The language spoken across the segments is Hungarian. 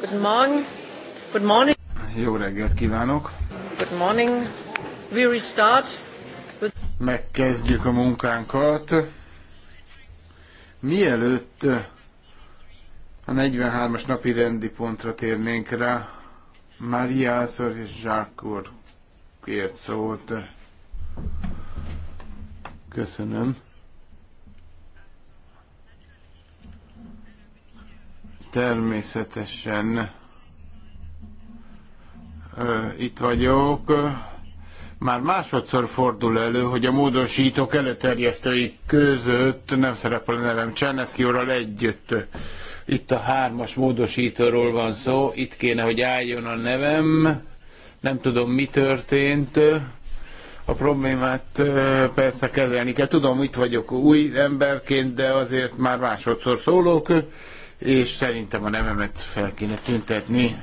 Good morning. Good morning. Jó reggelt kívánok. Good morning. We restart. Megkezdjük a munkánkat. Mielőtt a 43-as napi rendi pontra térnénk rá, Maria Azor és Jacques úr kért szót. Köszönöm. Természetesen itt vagyok. Már másodszor fordul elő, hogy a módosítók előterjesztői között nem szerepel a nevem Csáneszki úrral együtt. Itt a hármas módosítóról van szó, itt kéne, hogy álljon a nevem. Nem tudom, mi történt. A problémát persze kezelni kell. Tudom, itt vagyok új emberként, de azért már másodszor szólok és szerintem a nememet fel kéne tüntetni.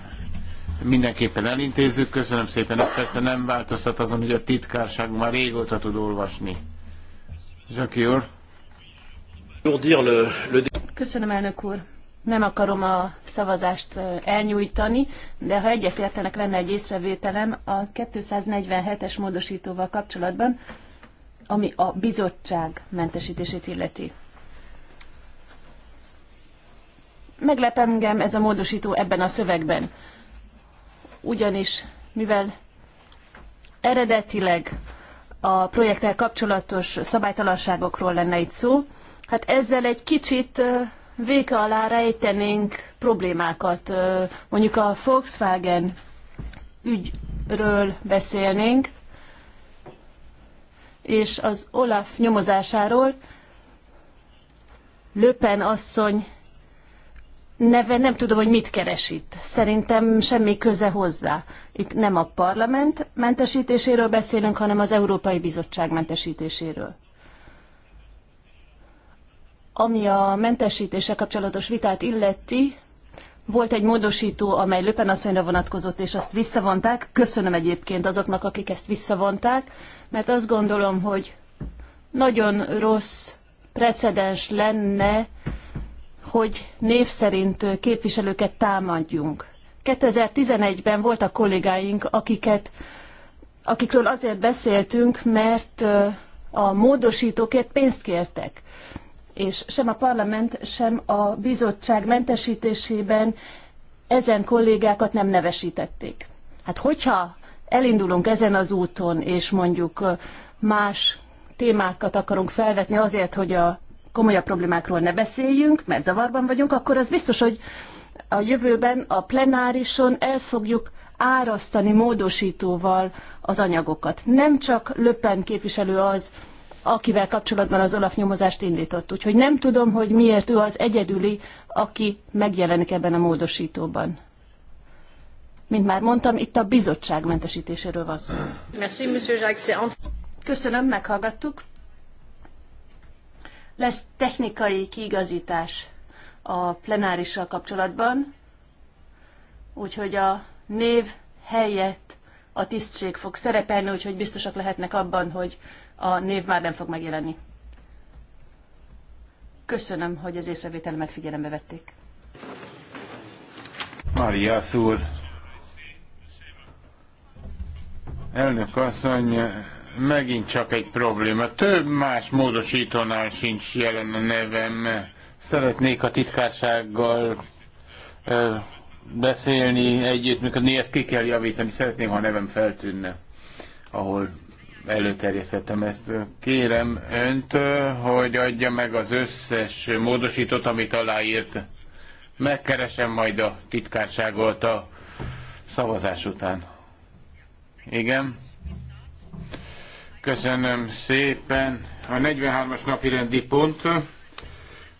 Mindenképpen elintézzük, köszönöm szépen, ez persze nem változtat azon, hogy a titkárság már régóta tud olvasni. Zsaki úr. Köszönöm, elnök úr. Nem akarom a szavazást elnyújtani, de ha egyetértenek, lenne egy észrevételem a 247-es módosítóval kapcsolatban, ami a bizottság mentesítését illeti. meglep engem ez a módosító ebben a szövegben. Ugyanis, mivel eredetileg a projekttel kapcsolatos szabálytalanságokról lenne itt szó, hát ezzel egy kicsit véka alá rejtenénk problémákat. Mondjuk a Volkswagen ügyről beszélnénk, és az Olaf nyomozásáról Löpen asszony neve nem tudom, hogy mit keres itt. Szerintem semmi köze hozzá. Itt nem a parlament mentesítéséről beszélünk, hanem az Európai Bizottság mentesítéséről. Ami a mentesítése kapcsolatos vitát illeti, volt egy módosító, amely Löpen asszonyra vonatkozott, és azt visszavonták. Köszönöm egyébként azoknak, akik ezt visszavonták, mert azt gondolom, hogy nagyon rossz precedens lenne, hogy név szerint képviselőket támadjunk. 2011-ben voltak kollégáink, akiket, akikről azért beszéltünk, mert a módosítókért pénzt kértek. És sem a parlament, sem a bizottság mentesítésében ezen kollégákat nem nevesítették. Hát hogyha elindulunk ezen az úton, és mondjuk más témákat akarunk felvetni azért, hogy a komolyabb problémákról ne beszéljünk, mert zavarban vagyunk, akkor az biztos, hogy a jövőben a plenárison el fogjuk árasztani módosítóval az anyagokat. Nem csak Löppen képviselő az, akivel kapcsolatban az Olaf nyomozást indított. Úgyhogy nem tudom, hogy miért ő az egyedüli, aki megjelenik ebben a módosítóban. Mint már mondtam, itt a bizottság mentesítéséről van szó. Köszönöm, meghallgattuk lesz technikai kiigazítás a plenárissal kapcsolatban, úgyhogy a név helyett a tisztség fog szerepelni, úgyhogy biztosak lehetnek abban, hogy a név már nem fog megjelenni. Köszönöm, hogy az észrevételemet figyelembe vették. Maria úr. Elnök asszony, megint csak egy probléma. Több más módosítónál sincs jelen a nevem. Szeretnék a titkársággal ö, beszélni, együttműködni, ezt ki kell javítani. Szeretném, ha a nevem feltűnne, ahol előterjesztettem ezt. Kérem önt, hogy adja meg az összes módosítót, amit aláírt. Megkeresem majd a titkárságot a szavazás után. Igen? Köszönöm szépen. A 43-as napi rendi pont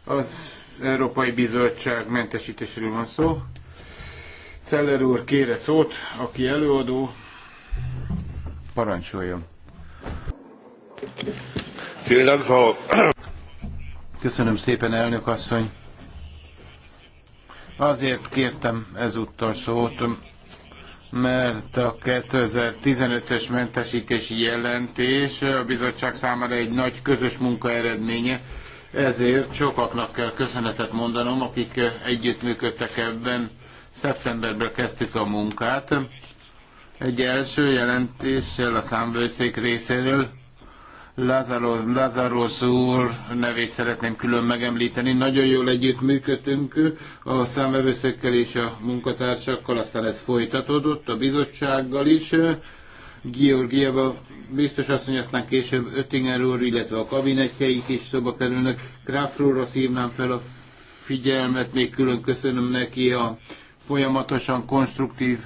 az Európai Bizottság mentesítéséről van szó. Celler úr kére szót, aki előadó, parancsoljon. Köszönöm szépen, elnök asszony. Azért kértem ezúttal szót, mert a 2015-ös mentesítési jelentés a bizottság számára egy nagy közös munka eredménye, ezért sokaknak kell köszönetet mondanom, akik együttműködtek ebben. Szeptemberben kezdtük a munkát. Egy első jelentéssel a számvőszék részéről Lázaro, Lázaros úr nevét szeretném külön megemlíteni. Nagyon jól együttműködtünk a számvevőszökkel és a munkatársakkal, aztán ez folytatódott a bizottsággal is. Georgieva biztos azt mondja, aztán később Öttinger úr, illetve a kabinetjeik is szoba kerülnek. Graf úrra hívnám fel a figyelmet, még külön köszönöm neki a folyamatosan konstruktív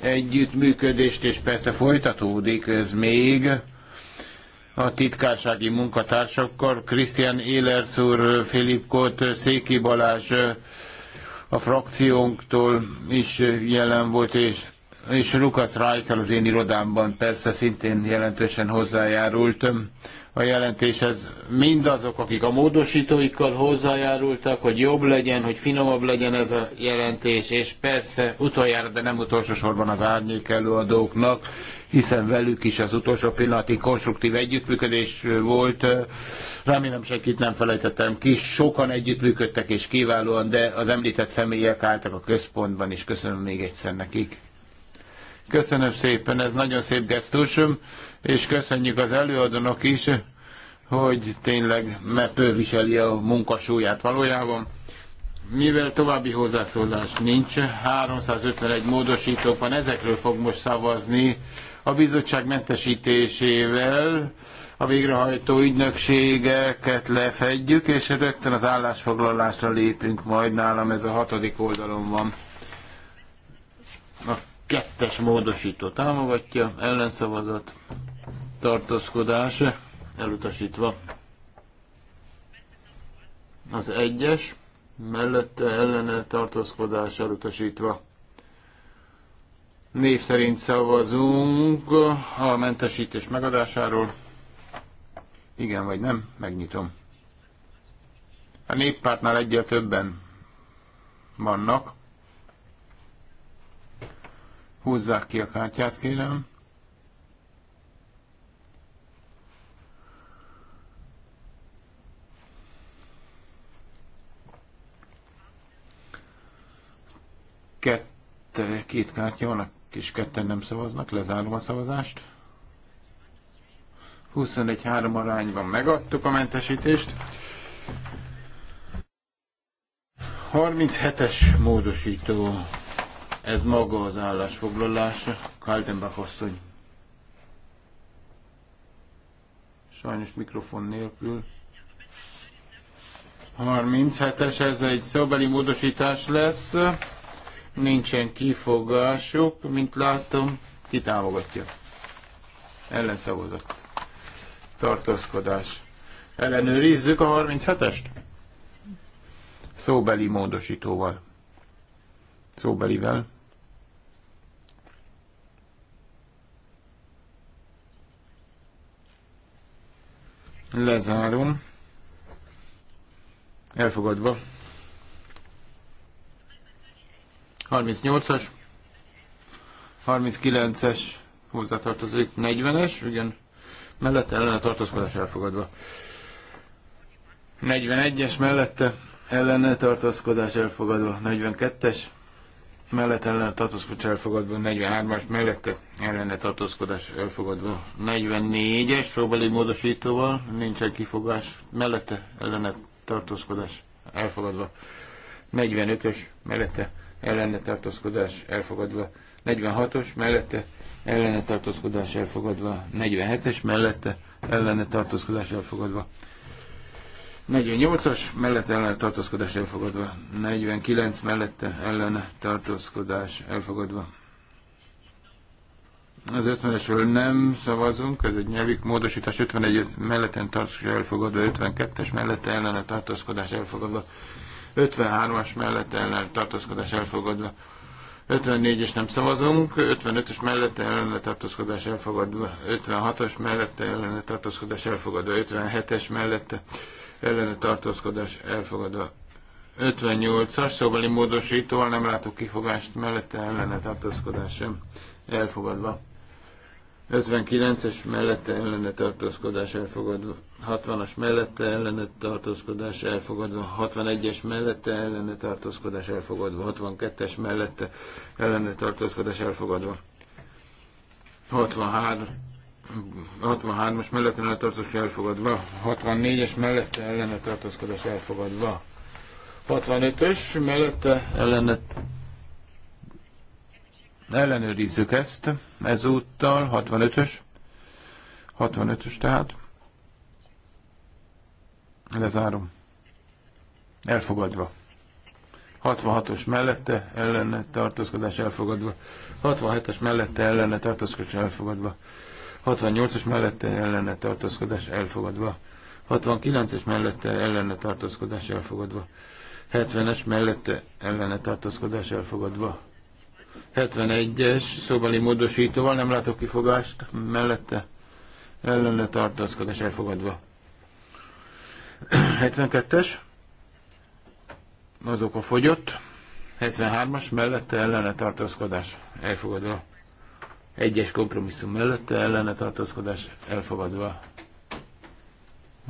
együttműködést, és persze folytatódik ez még a titkársági munkatársakkal, Krisztián Élersz úr, Filip Kott, Széki Balázs a frakciónktól is jelen volt, és, és Lukasz Rájkel az én irodámban persze szintén jelentősen hozzájárult a jelentéshez. Mindazok, akik a módosítóikkal hozzájárultak, hogy jobb legyen, hogy finomabb legyen ez a jelentés, és persze utoljára, de nem utolsó sorban az árnyék előadóknak, hiszen velük is az utolsó pillanatig konstruktív együttműködés volt. Remélem senkit nem felejtettem ki, sokan együttműködtek és kiválóan, de az említett személyek álltak a központban, és köszönöm még egyszer nekik. Köszönöm szépen, ez nagyon szép gesztus, és köszönjük az előadónak is, hogy tényleg, mert ő viseli a munkasúlyát valójában. Mivel további hozzászólás nincs, 351 módosítók van, ezekről fog most szavazni. A bizottság mentesítésével a végrehajtó ügynökségeket lefedjük, és rögtön az állásfoglalásra lépünk majd nálam, ez a hatodik oldalon van. A kettes módosító támogatja, ellenszavazat, tartózkodás, elutasítva. Az egyes, mellette ellene tartózkodás elutasítva. Név szerint szavazunk a mentesítés megadásáról. Igen vagy nem? Megnyitom. A néppártnál egyre többen vannak. Húzzák ki a kártyát, kérem. Kettő, két kártya van a és ketten nem szavaznak, lezárom a szavazást. 21-3 arányban megadtuk a mentesítést. 37-es módosító, ez maga az állásfoglalás, Kaltenbach asszony. Sajnos mikrofon nélkül. 37-es, ez egy szóbeli módosítás lesz. Nincsen kifogások, mint látom. kitámogatja. Ellenszavazat. Tartózkodás. Ellenőrizzük a 37-est? Szóbeli módosítóval. Szóbelivel. Lezárom. Elfogadva. 38-as, 39-es, hozzátartozik 40-es, igen, mellette ellene tartózkodás elfogadva. 41-es mellette ellene tartózkodás elfogadva, 42-es, mellette ellene tartózkodás elfogadva, 43-as mellette ellene tartózkodás elfogadva, 44-es próbáli módosítóval, nincs egy kifogás, mellette ellene tartózkodás elfogadva, 45-ös mellette ellene tartózkodás elfogadva 46-os mellette, ellene tartózkodás elfogadva 47-es mellette, ellene tartózkodás elfogadva 48-as mellette ellene tartózkodás elfogadva, 49 mellette ellene tartózkodás elfogadva. Az 50-esről nem szavazunk, ez egy nyelvi módosítás, 51 mellette tartózkodás elfogadva, 52-es mellette ellene tartózkodás elfogadva, 53-as mellett ellen tartózkodás elfogadva. 54-es nem szavazunk, 55-ös mellette ellene tartózkodás elfogadva, 56-os mellette ellene tartózkodás elfogadva, 57-es mellette ellene tartózkodás elfogadva, 58-as szóbeli módosítóval nem látok kifogást, mellette ellene tartózkodás sem elfogadva. 59-es mellette ellene tartózkodás elfogadva, 60-as mellette ellene tartózkodás elfogadva, 61-es mellette ellene tartózkodás elfogadva, 62-es mellette ellene tartózkodás elfogadva. 63 63-as mellette ellene tartózkodás elfogadva, 64-es mellette ellene tartózkodás elfogadva, 65-ös mellette ellene Ellenőrizzük ezt ezúttal, 65-ös. 65-ös tehát. Lezárom. Elfogadva. 66-os mellette ellene tartózkodás elfogadva. 67-es mellette ellene tartózkodás elfogadva. 68 os mellette ellene tartózkodás elfogadva. 69-es mellette ellene tartózkodás elfogadva. 70-es mellette ellene tartózkodás elfogadva. 71-es szóbeli módosítóval, nem látok kifogást mellette, ellene tartózkodás elfogadva. 72-es, azok a fogyott, 73-as mellette ellene tartózkodás elfogadva. Egyes kompromisszum mellette ellene tartózkodás elfogadva.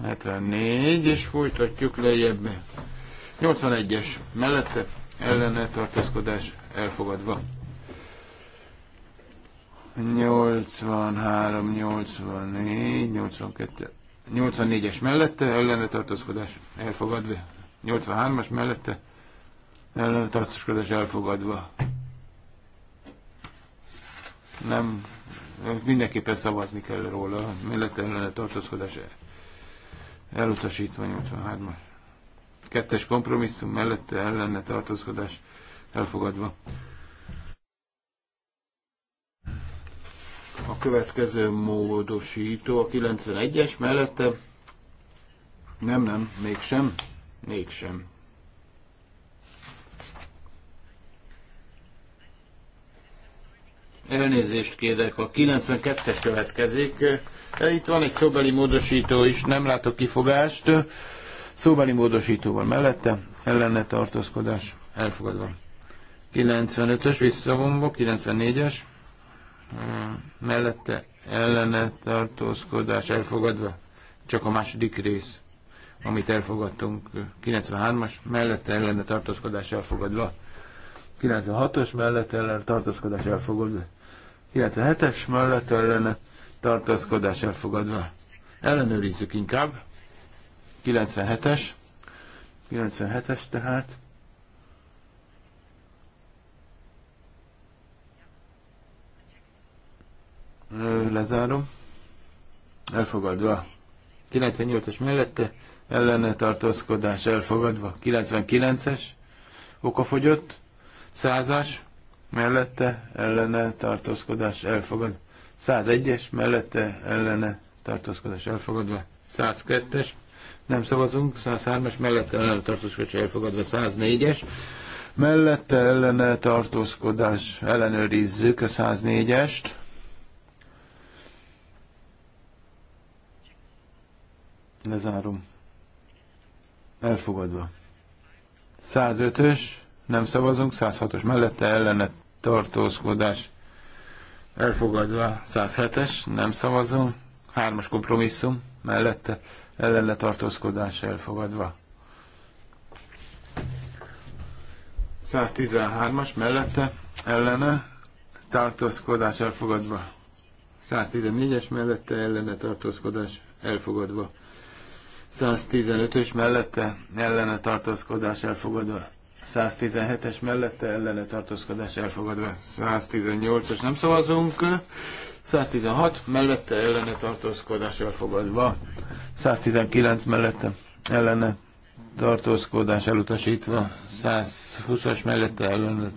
74, és folytatjuk lejjebb. 81-es mellette ellene tartózkodás elfogadva. 83, 84, 82, 84-es mellette, ellene tartózkodás elfogadva. 83-as mellette, ellene tartózkodás elfogadva. Nem, mindenképpen szavazni kell róla, mellette ellene tartózkodás elutasítva 83-as. Kettes kompromisszum mellette ellene tartózkodás elfogadva. a következő módosító, a 91-es mellette. Nem, nem, mégsem, mégsem. Elnézést kérek, a 92-es következik. E, itt van egy szóbeli módosító is, nem látok kifogást. Szóbeli van mellette, ellene tartózkodás elfogadva. 95-ös visszavonva, 94-es mellette ellene tartózkodás elfogadva, csak a második rész, amit elfogadtunk, 93-as, mellette ellene tartózkodás elfogadva, 96-os mellette ellene tartózkodás elfogadva, 97-es mellette ellene tartózkodás elfogadva. Ellenőrizzük inkább, 97-es, 97-es tehát, Lezárom. Elfogadva. 98 es mellette ellene tartózkodás elfogadva. 99-es okafogyott. 100-as mellette ellene tartózkodás elfogad. 101-es mellette ellene tartózkodás elfogadva. 102-es nem szavazunk, 103-as mellette ellene tartózkodás elfogadva, 104-es mellette ellene tartózkodás ellenőrizzük a 104-est. Lezárom. Elfogadva. 105-ös, nem szavazunk, 106-os mellette ellene tartózkodás. Elfogadva. 107-es, nem szavazunk, 3-as kompromisszum mellette ellene tartózkodás elfogadva. 113-as mellette ellene tartózkodás elfogadva. 114-es mellette ellene tartózkodás elfogadva. 115-ös mellette ellene tartózkodás elfogadva. 117-es mellette ellene tartózkodás elfogadva. 118-as nem szavazunk. 116 mellette ellene tartózkodás elfogadva. 119 mellette ellene tartózkodás elutasítva. 120-as mellette ellene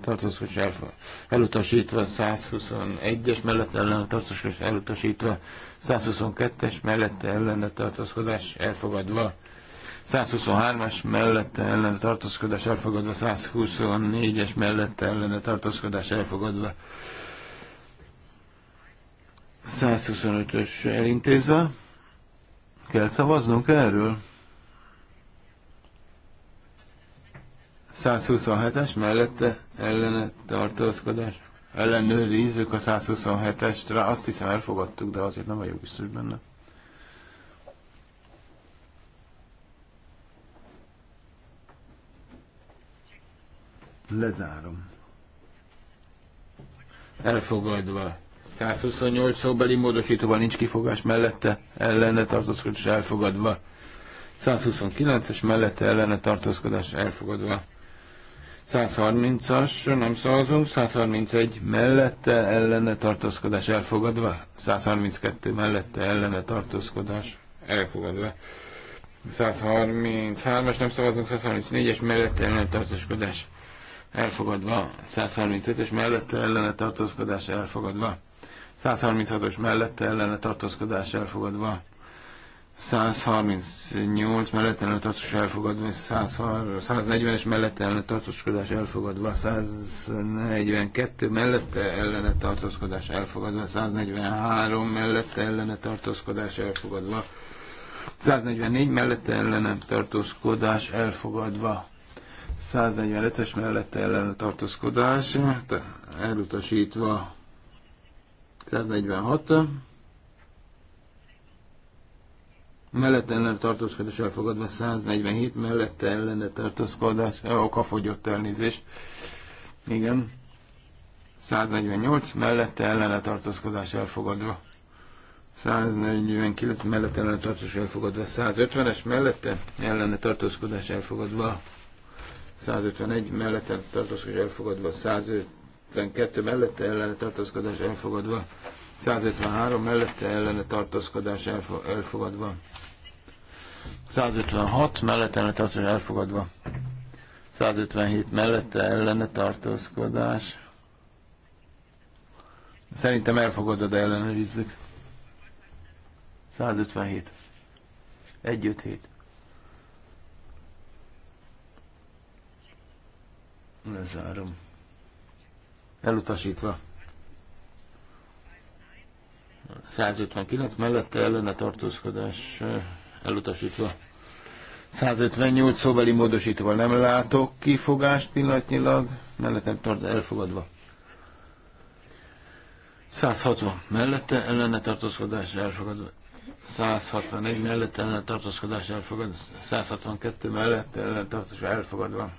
tartózkodás elfog, elutasítva 121-es mellett ellen a tartózkodás elutasítva 122-es mellett a tartózkodás elfogadva 123-as mellette a tartózkodás elfogadva, 124-es mellette a tartózkodás elfogadva, 125-ös elintézve. Kell szavaznunk erről? 127-es mellette ellene tartózkodás. Ellenőrizzük a 127-est, rá azt hiszem elfogadtuk, de azért nem vagyok biztos benne. Lezárom. Elfogadva. 128 szóbeli módosítóval nincs kifogás mellette, ellene tartózkodás elfogadva. 129-es mellette ellene tartózkodás elfogadva. 130-as, nem szavazunk, 131 mellette ellene tartózkodás elfogadva, 132 mellette ellene tartózkodás elfogadva. 133-as nem szavazunk, 134-es mellette ellene tartózkodás elfogadva, 135-ös mellette ellene tartózkodás elfogadva, 136-os mellette ellene tartózkodás elfogadva, 138 mellett ellen tartózkodás elfogadva, 140-es mellett ellen tartózkodás elfogadva, 142 mellette ellen tartózkodás elfogadva, 143 mellette ellen tartózkodás elfogadva, 144 mellette ellen tartózkodás elfogadva, 145-es mellette ellen tartózkodás elutasítva, 146 mellette ellen tartózkodás elfogadva 147, mellette ellene tartózkodás, oka fogyott elnézést. Igen. 148, mellette ellene tartózkodás elfogadva. 149 mellette ellene tartózkodás elfogadva, 150-es mellette ellene tartózkodás elfogadva, 151 mellette tartózkodás elfogadva, 152 mellette ellene tartózkodás elfogadva, 153 mellette ellene tartózkodás elfogadva. 156 mellette ellene tartózkodás elfogadva. 157 mellette ellene tartózkodás. Szerintem elfogadod, de ellenőrizzük. 157. 157. Lezárom. Elutasítva. 159 mellette ellene tartózkodás elutasítva. 158 szóbeli módosítva nem látok kifogást pillanatnyilag, mellettem tart elfogadva. 160 mellette ellene tartózkodás elfogadva. 161 mellette ellen tartózkodás elfogadva, 162 mellette ellen tartózkodás elfogadva.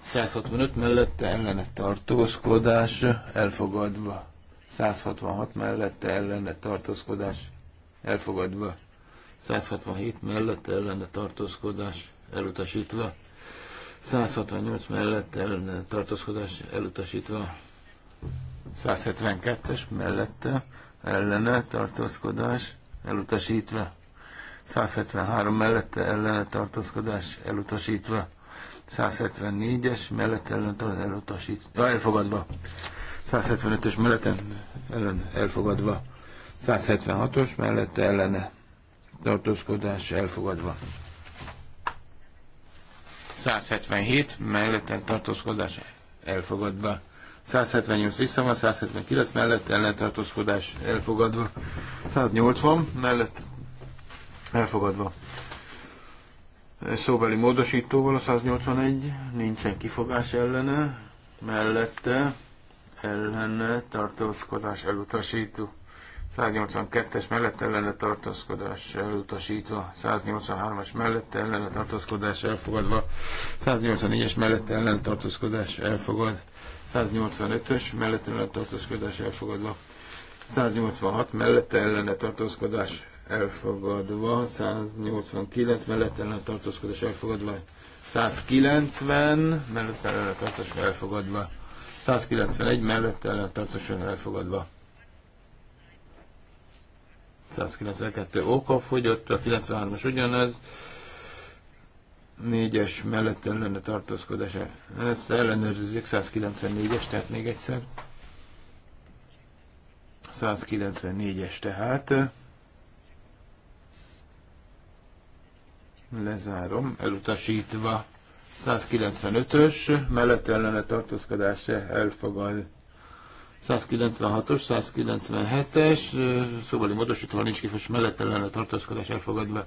165 mellette ellene tartózkodás elfogadva. 166 mellette ellene tartózkodás elfogadva, 167 mellette ellene tartózkodás elutasítva, 168 mellette ellene tartózkodás elutasítva, 172-es mellette ellene tartózkodás elutasítva, 173 mellette ellene tartózkodás elutasítva, 174-es mellette ellene tartózkodás elutasítva, elfogadva. 175-ös mellette ellen elfogadva. 176-os mellette ellene tartózkodás elfogadva. 177 mellette tartózkodás elfogadva. 178 vissza van, 179 mellett ellentartózkodás elfogadva, 180 mellett elfogadva. Szóbeli módosítóval a 181, nincsen kifogás ellene, mellette ellene tartózkodás elutasító. 182-es mellett ellene tartózkodás elutasítva, 183-as mellett ellene tartózkodás elfogadva, 184-es mellett ellene tartózkodás elfogad, 185-ös mellett ellene tartózkodás elfogadva, 186 mellett ellene tartózkodás elfogadva, 189 mellett ellene tartózkodás elfogadva, 190 mellett ellene tartózkodás elfogadva, 191 mellett ellen tartosan elfogadva. 192 oka fogyott, a 93-as ugyanaz. 4-es mellett a tartózkodás. Ezt ellenőrizzük, 194-es, tehát még egyszer. 194-es tehát. Lezárom, elutasítva. 195-ös, mellette ellene tartózkodás elfogad. 196-os, 197-es, szóvali módosítva nincs kifos, mellette ellene tartózkodás elfogadva.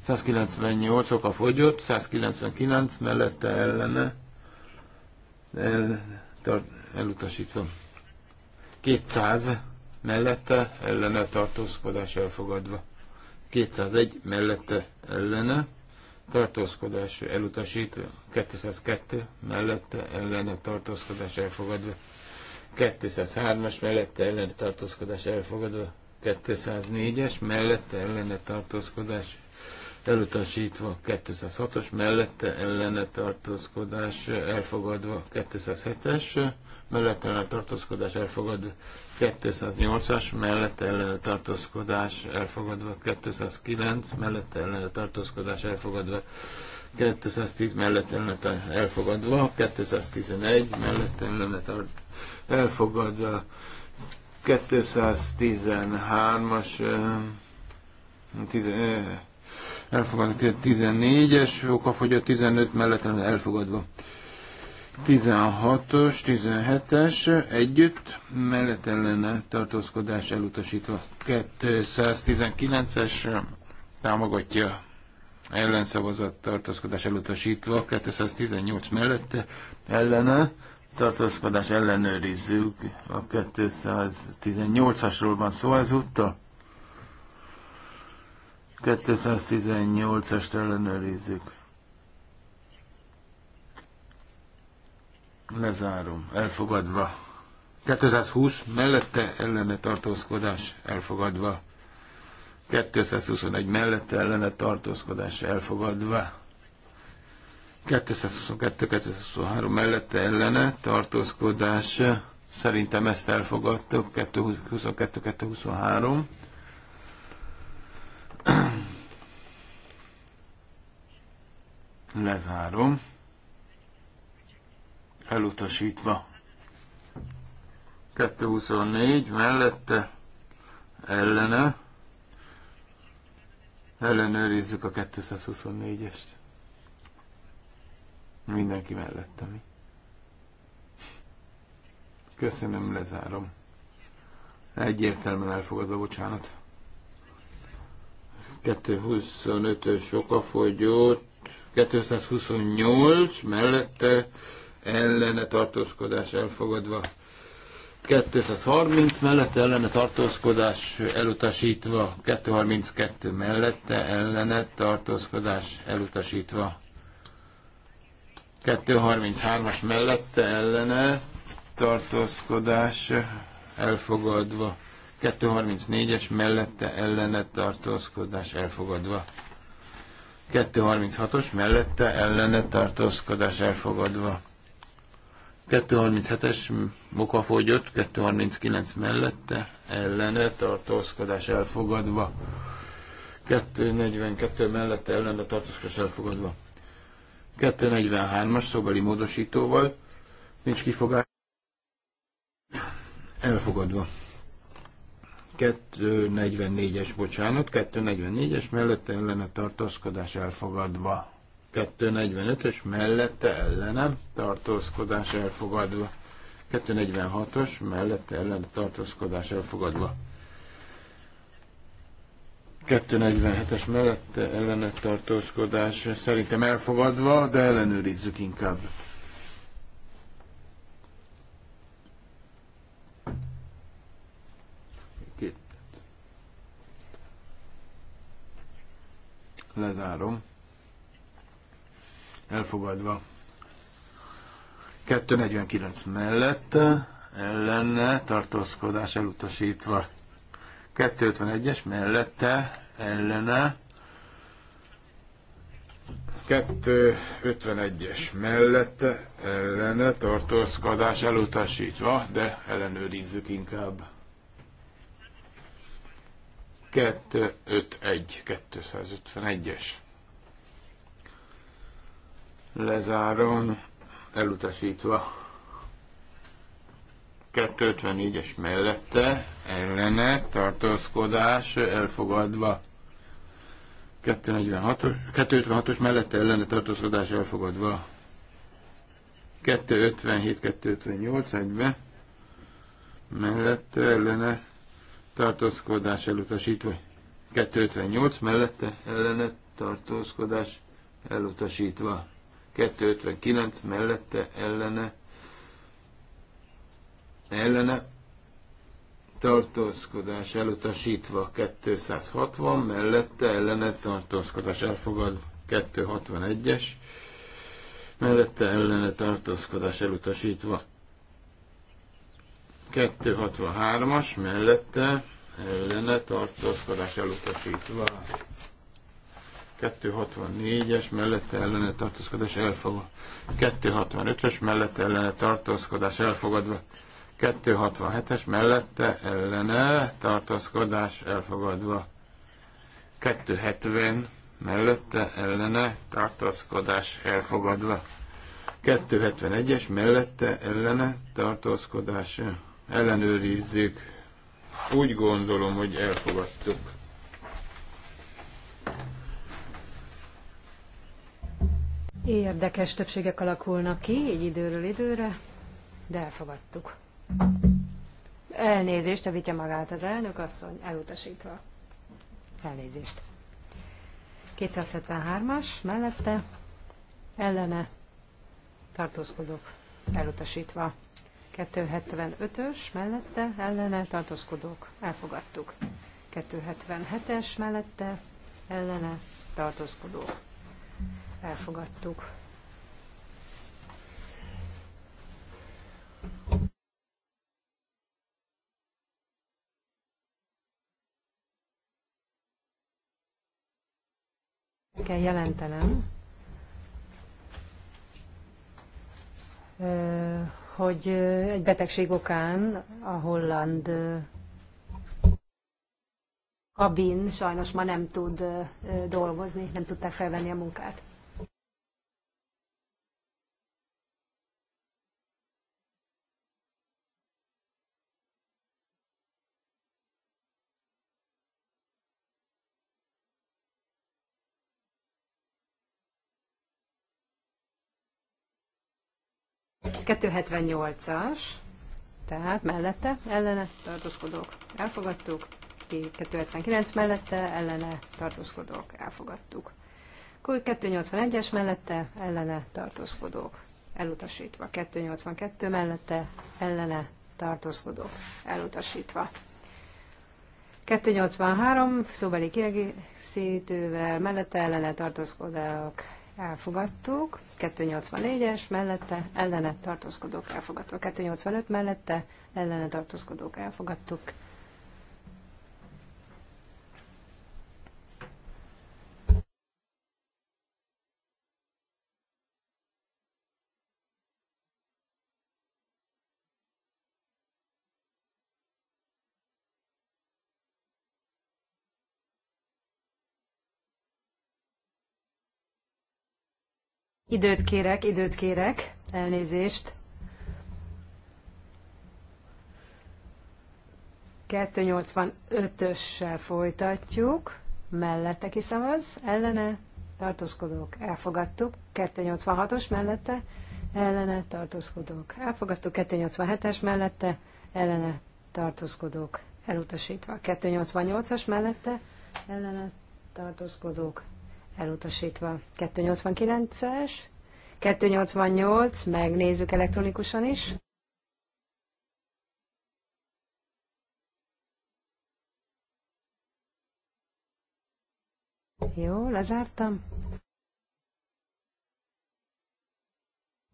198 oka fogyott, 199 mellette ellene el, tar, elutasítva. 200 mellette ellene tartózkodás elfogadva. 201 mellette ellene tartózkodás elutasítva, 202 mellette ellene tartózkodás elfogadva, 203-as mellette ellene tartózkodás elfogadva, 204-es mellette ellene tartózkodás elutasítva 206-os, mellette ellene tartózkodás elfogadva 207-es, mellette ellene tartózkodás elfogadva 208-as, mellette ellene tartózkodás elfogadva 209, mellette ellene tartózkodás elfogadva 210 mellett ellene elfogadva, 211 mellett ellene elfogadva, 213-as elfogadva. 14-es okafogyott, 15 mellett elfogadva. 16-os, 17-es együtt, mellett ellene tartózkodás elutasítva. 219-es támogatja ellenszavazat tartózkodás elutasítva, 218 mellette ellene tartózkodás ellenőrizzük, a 218-asról van szó ezúttal. 218-est ellenőrizzük. Lezárom. Elfogadva. 220 mellette ellene tartózkodás elfogadva. 221 mellette ellene tartózkodás elfogadva. 222-223 mellette ellene tartózkodás. Szerintem ezt elfogadtuk. 222-223. Lezárom. Elutasítva. 224 mellette ellene. Ellenőrizzük a 224-est. Mindenki mellette mi. Köszönöm, lezárom. Egyértelműen elfogadva, bocsánat. 225-ös okafogyót, 228 mellette ellene tartózkodás elfogadva. 230 mellette ellene tartózkodás elutasítva, 232 mellette ellene tartózkodás elutasítva, 233-as mellette ellene tartózkodás elfogadva, 234-es mellette ellene tartózkodás elfogadva. 236-os mellette ellene tartózkodás elfogadva. 237-es boka fogyott, 239 mellette ellene tartózkodás elfogadva. 242 mellette ellene tartózkodás elfogadva. 243-as szobeli módosítóval nincs kifogás elfogadva. 244-es, bocsánat, 244-es mellette ellene tartózkodás elfogadva. 245-ös mellette ellene tartózkodás elfogadva. 246-os mellette ellene tartózkodás elfogadva. 247-es mellette ellene tartózkodás szerintem elfogadva, de ellenőrizzük inkább. Lezárom. Elfogadva. 249 mellett ellenne tartózkodás elutasítva. 251-es mellette ellene 251-es mellette ellene tartózkodás elutasítva, de ellenőrizzük inkább. 251, 251-es. Lezárom, elutasítva. 254-es mellette, ellene, tartózkodás, elfogadva. 246-os mellette ellene tartózkodás elfogadva. 257-258 egybe mellette ellene tartózkodás elutasítva. 258 mellette ellene tartózkodás elutasítva. 259 mellette ellene ellene tartózkodás elutasítva 260, mellette ellene tartózkodás elfogad 261-es, mellette ellene tartózkodás elutasítva 263-as mellette ellene tartózkodás elutasítva. 264-es mellette ellene tartózkodás elfogadva. 265-ös mellette ellene tartózkodás elfogadva. 267-es mellette ellene tartózkodás elfogadva. 270 mellette ellene tartózkodás elfogadva. 271-es mellette ellene tartózkodás ellenőrizzük. Úgy gondolom, hogy elfogadtuk. Érdekes többségek alakulnak ki, így időről időre, de elfogadtuk. Elnézést, javítja magát az elnök asszony, elutasítva. Elnézést. 273-as, mellette, ellene, tartózkodok, elutasítva. 275-ös mellette ellene tartózkodók elfogadtuk. 277-es mellette ellene tartózkodók elfogadtuk. kell jelentenem, hogy egy betegség okán a holland kabin sajnos ma nem tud dolgozni, nem tudták felvenni a munkát. 278-as, tehát mellette, ellene, tartózkodók, elfogadtuk. 279 mellette, ellene, tartózkodók, elfogadtuk. 281-es mellette, ellene, tartózkodók, elutasítva. 282 mellette, ellene, tartózkodók, elutasítva. 283 szóbeli kiegészítővel mellette ellene tartózkodók elfogadtuk, 284-es mellette, ellene tartózkodók elfogadtuk, 285 mellette, ellene tartózkodók elfogadtuk, Időt kérek, időt kérek, elnézést. 285-össel folytatjuk, mellette kiszavaz, ellene, tartózkodók, elfogadtuk, 286-os mellette, ellene, tartózkodók, elfogadtuk, 287-es mellette, ellene, tartózkodók, elutasítva, 288-as mellette, ellene, tartózkodók, elutasítva. 289-es, 288, megnézzük elektronikusan is. Jó, lezártam.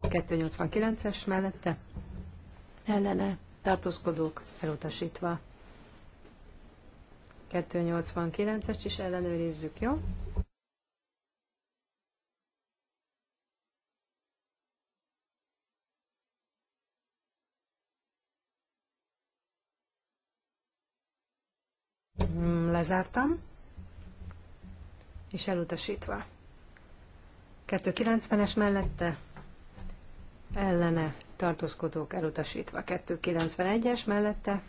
289-es mellette ellene tartózkodók elutasítva. 289-est is ellenőrizzük, jó? lezártam, és elutasítva. 290-es mellette ellene tartózkodók elutasítva, 291-es mellette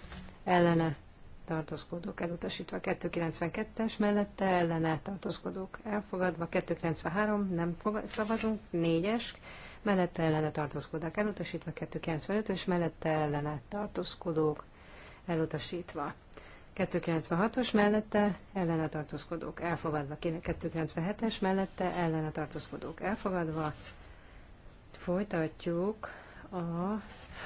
ellene tartózkodók elutasítva, 292-es mellette ellene tartózkodók elfogadva, 293 nem fogad. szavazunk, 4-es mellette ellene tartózkodók elutasítva, 295-ös mellette ellene tartózkodók elutasítva. 296-os mellette ellene tartózkodók elfogadva, 297-es mellette ellene tartózkodók elfogadva. Folytatjuk a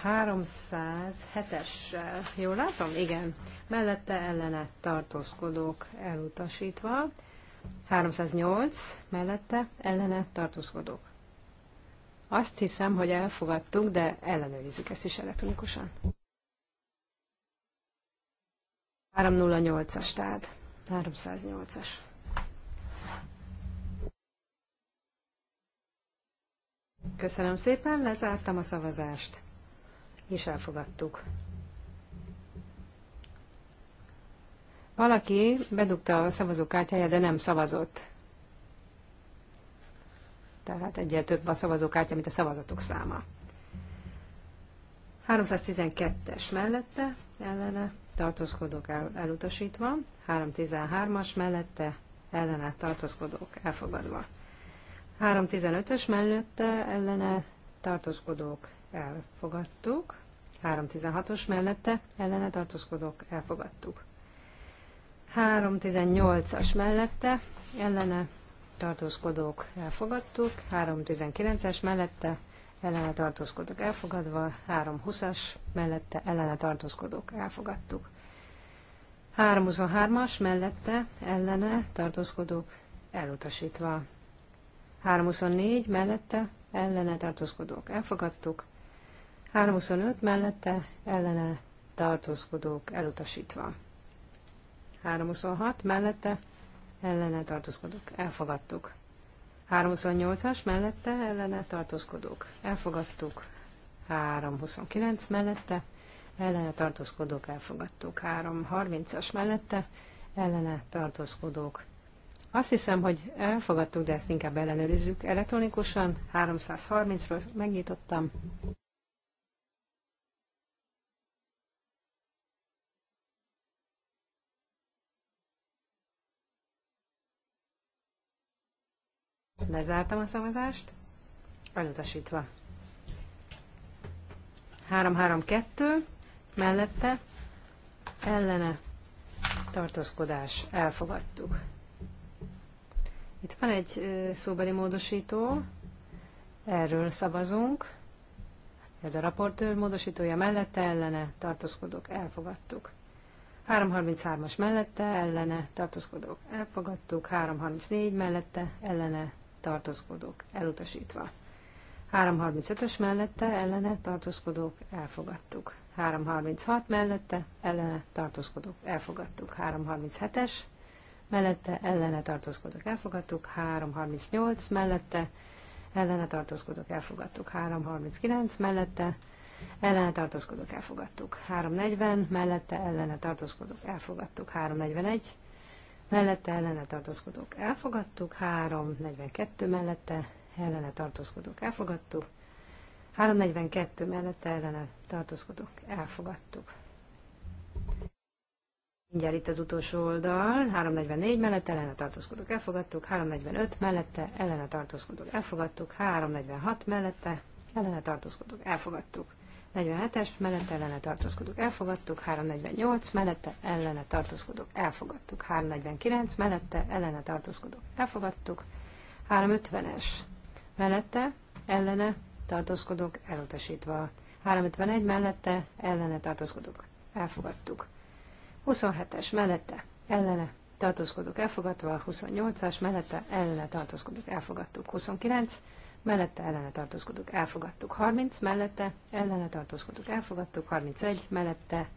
307-essel. Jól látom? Igen. Mellette ellene tartózkodók elutasítva. 308 mellette ellene tartózkodók. Azt hiszem, hogy elfogadtuk, de ellenőrizzük ezt is elektronikusan. 308-as, tehát 308-as. Köszönöm szépen, lezártam a szavazást, és elfogadtuk. Valaki bedugta a szavazókártyáját, de nem szavazott. Tehát egyel több a szavazókártya, mint a szavazatok száma. 312-es mellette, ellene tartózkodók el, elutasítva, 313-as mellette ellene tartózkodók elfogadva. 315-ös mellette ellene tartózkodók elfogadtuk, 316-os mellette ellene tartózkodók elfogadtuk. 318-as mellette ellene tartózkodók elfogadtuk, 319-es mellette ellene tartózkodók elfogadva, 320-as mellette ellene tartózkodók elfogadtuk. 323-as mellette ellene tartózkodók elutasítva. 324 mellette ellene tartózkodók elfogadtuk. 325 mellette ellene tartózkodók elutasítva. 326 mellette ellene tartózkodók elfogadtuk. 328-as mellette ellene tartózkodók elfogadtuk. 329 mellette ellene tartózkodók elfogadtuk. 330-as mellette ellene tartózkodók. Azt hiszem, hogy elfogadtuk, de ezt inkább ellenőrizzük elektronikusan. 330-ről megnyitottam. Lezártam a szavazást. Elutasítva. 3-3-2 mellette ellene tartózkodás. Elfogadtuk. Itt van egy szóbeli módosító, erről szavazunk. Ez a raportőr módosítója mellette ellene tartózkodók elfogadtuk. 333-as mellette ellene tartózkodók elfogadtuk, 334 mellette ellene tartózkodók elutasítva. 335-ös mellette ellene tartózkodók elfogadtuk. 336 mellette ellene tartózkodók elfogadtuk. 337-es mellette ellene tartózkodók elfogadtuk. 338 mellette ellene tartózkodók elfogadtuk. 339 mellette ellene tartózkodók elfogadtuk. 340 mellette ellene tartózkodók elfogadtuk. 341 mellette ellene tartózkodók elfogadtuk, 342 mellette ellene tartózkodók elfogadtuk, 342 mellette ellene tartózkodók elfogadtuk. Mindjárt itt az utolsó oldal, 344 mellette ellene tartózkodók elfogadtuk, 345 mellette ellene tartózkodók elfogadtuk, 346 mellette ellene tartózkodók elfogadtuk. 47-es mellette ellene tartózkodók elfogadtuk, 348 mellette ellene tartózkodók elfogadtuk, 349 mellette ellene tartózkodók elfogadtuk, 350-es mellette ellene tartózkodók elutasítva, 351 mellette ellene tartózkodók elfogadtuk, 27-es mellette ellene tartózkodók elfogadva, 28-as mellette ellene tartózkodók elfogadtuk, 29 mellette ellene tartózkodók elfogadtuk. 30 mellette ellene tartózkodók elfogadtuk. 31 mellette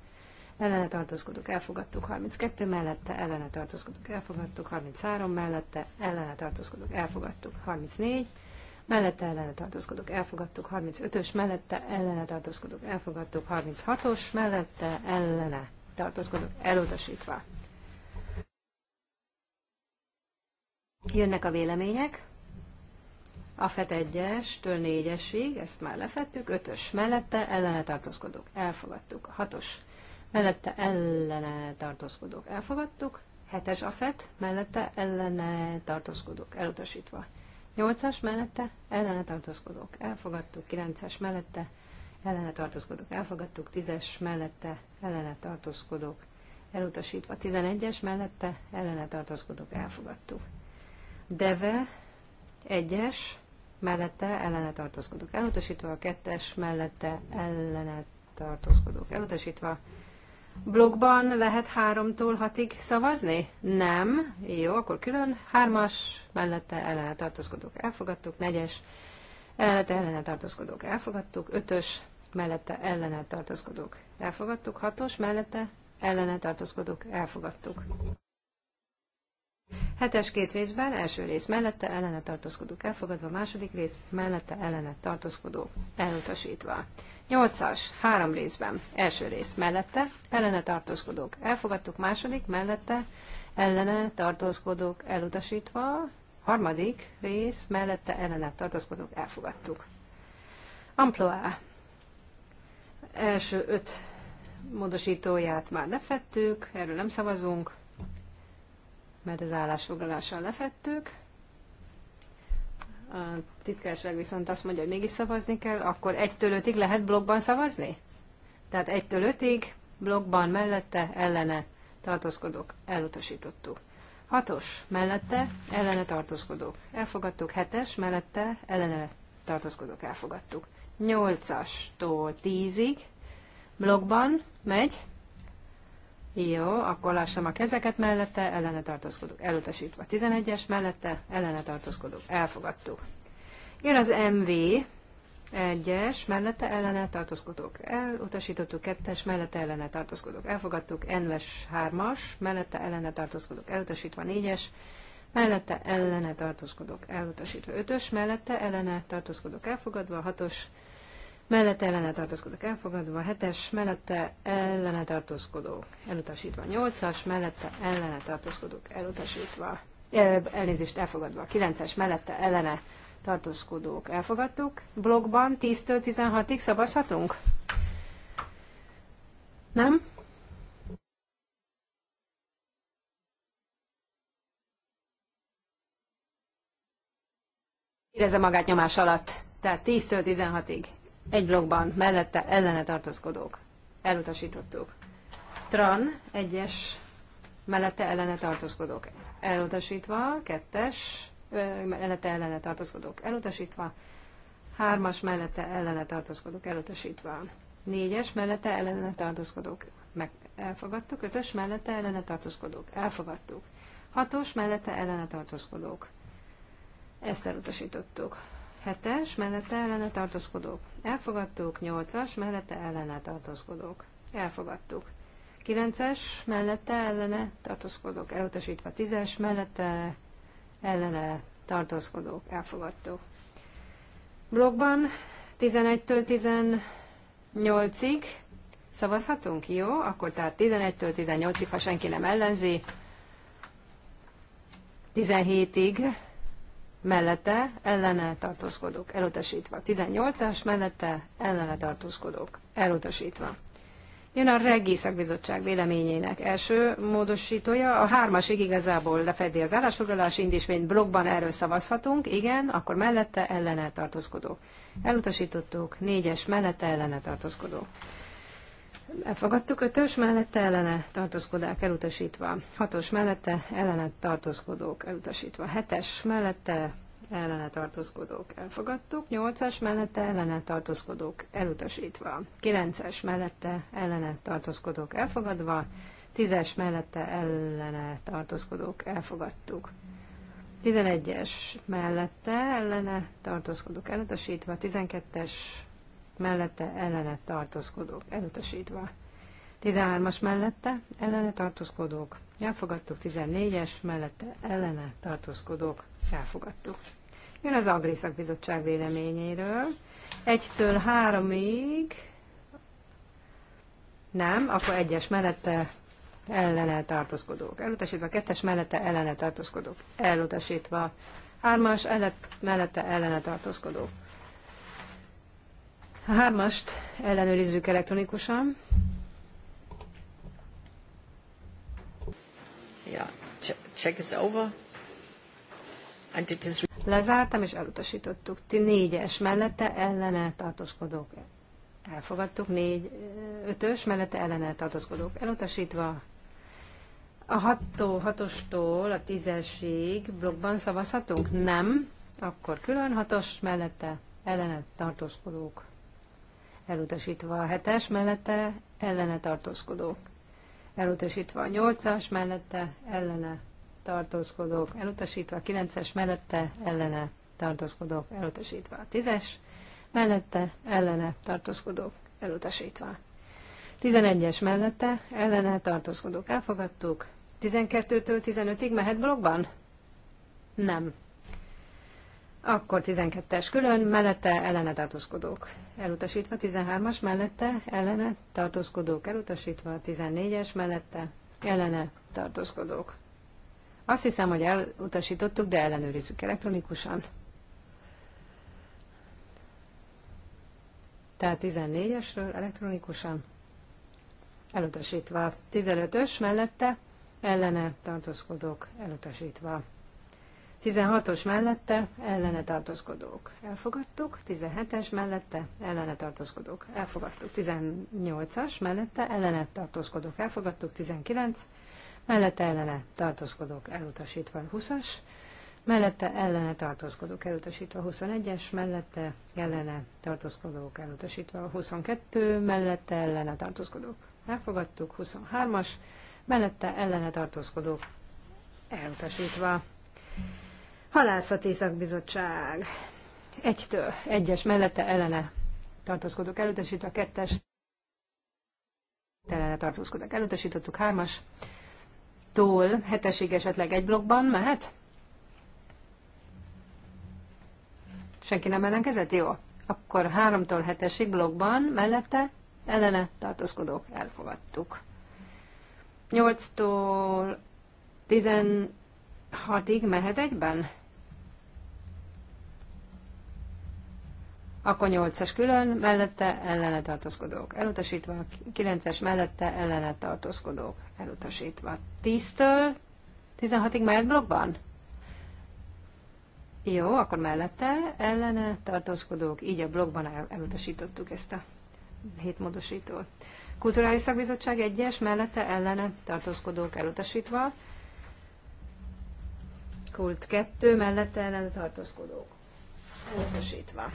ellene tartózkodók elfogadtuk. 32 mellette ellene tartózkodók elfogadtuk. 33 mellette ellene tartózkodók elfogadtuk. 34 mellette ellene tartózkodók elfogadtuk. 35-ös mellette ellene tartózkodók elfogadtuk. 36-os mellette ellene tartózkodók elutasítva. Jönnek a vélemények a FET 1-estől 4-esig, ezt már lefettük, 5-ös mellette ellene tartózkodók, elfogadtuk. 6-os mellette ellene tartózkodók, elfogadtuk. 7-es a FET, mellette ellene tartózkodók, elutasítva. 8-as mellette ellene tartózkodók, elfogadtuk. 9-es mellette ellene tartózkodók, elfogadtuk. 10-es mellette ellene tartózkodók, elutasítva. 11-es mellette ellene tartózkodók, elfogadtuk. Deve, egyes, mellette ellene tartózkodók elutasítva, a kettes mellette ellene tartózkodók elutasítva. Blogban lehet háromtól hatig szavazni? Nem. Jó, akkor külön hármas, mellette ellene tartózkodók elfogadtuk, negyes, mellette ellene tartózkodók elfogadtuk, ötös, mellette ellene tartózkodók elfogadtuk, hatos, mellette ellene tartózkodók elfogadtuk. Hetes két részben, első rész mellette ellene tartózkodók elfogadva, második rész mellette ellene tartózkodók elutasítva. Nyolcas, három részben, első rész mellette ellene tartózkodók elfogadtuk, második mellette ellene tartózkodók elutasítva, harmadik rész mellette ellene tartózkodók elfogadtuk. Amploá. első öt módosítóját már lefettük, erről nem szavazunk, mert az állásfoglalással lefettük. A titkárság viszont azt mondja, hogy mégis szavazni kell, akkor egytől ötig lehet blogban szavazni? Tehát egytől ötig blogban mellette, ellene tartózkodók, elutasítottuk. Hatos mellette, ellene tartózkodók, elfogadtuk. Hetes mellette, ellene tartózkodók, elfogadtuk. Nyolcastól tízig blogban megy, jó, akkor lássam a kezeket mellette, ellene tartózkodok. elutasítva. 11-es mellette, ellene tartózkodok. elfogadtuk. Jön az MV, 1-es, mellette ellene tartózkodok. elutasítottuk, 2-es, mellette ellene tartózkodok. elfogadtuk, NVES 3-as, mellette ellene tartózkodok. elutasítva, 4-es, mellette ellene tartózkodok. elutasítva, 5-ös, mellette ellene tartózkodok. elfogadva, 6-os, mellette mellette ellene tartózkodók elfogadva, 7-es mellette ellene tartózkodók elutasítva, 8-as mellette ellene tartózkodók elutasítva, elnézést elfogadva, 9-es mellette ellene tartózkodók elfogadtuk. Blogban 10-től 16-ig szavazhatunk? Nem? Érezze magát nyomás alatt. Tehát 10-től 16-ig egy blogban mellette ellene tartózkodók. Elutasítottuk. Tran, egyes, mellette ellene tartózkodók. Elutasítva, kettes, mellette ellene tartózkodók. Elutasítva, hármas mellette ellene tartózkodók. Elutasítva, négyes mellette ellene tartózkodók. Meg elfogadtuk, ötös mellette ellene tartózkodók. Elfogadtuk. Hatos mellette ellene tartózkodók. Ezt elutasítottuk. 7-es, mellette ellene tartózkodók. Elfogadtuk. 8-as, mellette ellene tartózkodók. Elfogadtuk. 9-es, mellette ellene tartózkodók. Elutasítva 10-es, mellette ellene tartózkodók. Elfogadtuk. Blogban 11-től 18-ig szavazhatunk? Jó, akkor tehát 11-től 18-ig, ha senki nem ellenzi, 17-ig mellette ellene tartózkodók elutasítva. 18-as mellette ellene tartózkodók elutasítva. Jön a Regi Szakbizottság véleményének első módosítója. A hármasig igazából lefedi az állásfoglalás indítvényt, blogban erről szavazhatunk. Igen, akkor mellette ellene tartózkodók. Elutasítottuk, négyes mellette ellene tartózkodók. Elfogadtuk ötös mellette ellene tartózkodák elutasítva. Hatos mellette ellene tartózkodók elutasítva. Hetes mellette ellene tartózkodók elfogadtuk. Nyolcas mellette ellene tartózkodók elutasítva. Kilences mellette ellene tartózkodók elfogadva. Tízes mellette ellene tartózkodók elfogadtuk. 11-es mellette ellene tartózkodók elutasítva, 12-es mellette ellene tartózkodók elutasítva. 13-as mellette ellene tartózkodók elfogadtuk, 14-es mellette ellene tartózkodók elfogadtuk. Jön az Agriszak Bizottság véleményéről. 1-től 3-ig nem, akkor 1-es mellette ellene tartózkodók. Elutasítva 2-es mellette ellene tartózkodók. Elutasítva 3-as mellette ellene tartózkodók. A hármast ellenőrizzük elektronikusan. Ja, check is over. And it is... Lezártam és elutasítottuk. Ti négyes mellette ellene tartózkodók. Elfogadtuk négy, ötös mellette ellene tartózkodók. Elutasítva a hattó, hatostól a tízesig blokkban szavazhatunk? Nem. Akkor külön hatos mellette ellene tartózkodók elutasítva a hetes mellette, ellene tartózkodók, elutasítva a nyolcas mellette, ellene tartózkodók, elutasítva a kilences mellette, ellene tartózkodók, elutasítva a tízes mellette, ellene tartózkodók, elutasítva. 11-es mellette, ellene tartózkodók, elfogadtuk. 12-től 15-ig mehet blogban? Nem. Akkor 12-es külön, mellette ellene tartózkodók elutasítva, 13-as mellette, ellene, tartózkodók elutasítva, 14-es mellette, ellene, tartózkodók. Azt hiszem, hogy elutasítottuk, de ellenőrizzük elektronikusan. Tehát 14-esről elektronikusan elutasítva, 15-ös mellette, ellene, tartózkodók elutasítva. 16-os mellette ellene tartózkodók elfogadtuk, 17-es mellette ellene tartózkodók elfogadtuk, 18-as mellette ellene tartózkodók elfogadtuk, 19 mellette ellene tartózkodók elutasítva 20-as, mellette ellene tartózkodók elutasítva 21-es, mellette ellene tartózkodók elutasítva 22, mellette ellene tartózkodók elfogadtuk, 23-as, mellette ellene tartózkodók elutasítva Halászati Szakbizottság. Egytől, egyes mellette ellene tartózkodok elutasítva, a kettes ellene tartózkodok elutasítottuk, hármas tól hetesig esetleg egy blokkban mehet? Senki nem ellenkezett? Jó. Akkor háromtól hetesig blokkban mellette ellene tartózkodók elfogadtuk. 8-tól 16-ig mehet egyben? Akkor 8-as külön, mellette ellene tartózkodók elutasítva, 9-es mellette ellene tartózkodók elutasítva. 10-től 16-ig mehet blokkban? Jó, akkor mellette ellene tartózkodók, így a blogban elutasítottuk ezt a módosítót. Kulturális Szakbizottság 1-es, mellette ellene tartózkodók elutasítva. Kult 2, mellette ellene tartózkodók elutasítva.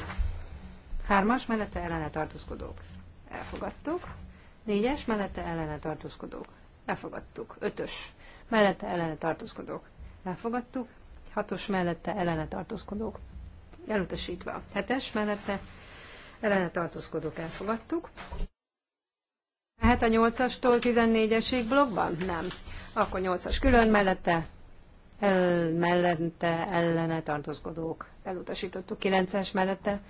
Hármas mellette ellene tartózkodók. Elfogadtuk. Négyes mellette ellene tartózkodók. Elfogadtuk. Ötös mellette ellene tartózkodók. Elfogadtuk. Hatos mellette ellene tartózkodók. Elutasítva. Hetes mellette ellene tartózkodók. Elfogadtuk. Lehet a 8-astól 14-esig blogban? Nem. Akkor 8-as külön mellette, el, mellette ellene tartózkodók. Elutasítottuk 9-es mellette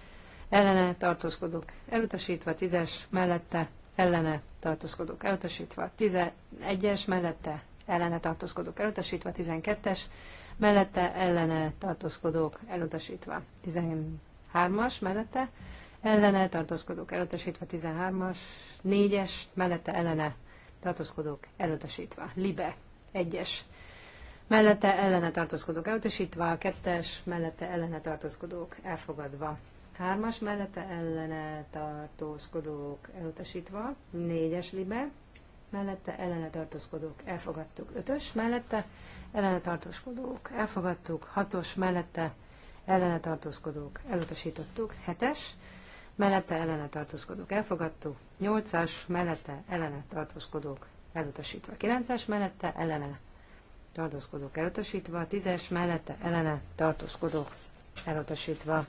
ellene tartózkodok elutasítva, tízes mellette ellene tartózkodok elutasítva, tizenegyes mellette ellene tartózkodok elutasítva, tizenkettes mellette ellene tartózkodok elutasítva, tizenhármas mellette ellene tartózkodok elutasítva, tizenhármas négyes mellette ellene tartózkodok elutasítva, libe egyes mellette ellene tartózkodók elutasítva, kettes mellette ellene tartózkodók elfogadva. Hármas mellette ellene tartózkodók elutasítva. Négyes libe mellette ellene tartózkodók elfogadtuk. Ötös mellette ellene tartózkodók elfogadtuk. Hatos mellette ellene tartózkodók elutasítottuk. Hetes mellette ellene tartózkodók elfogadtuk. Nyolcas mellette ellene tartózkodók elutasítva. Kilences mellette ellene tartózkodók elutasítva. Tízes mellette ellene tartózkodók elutasítva.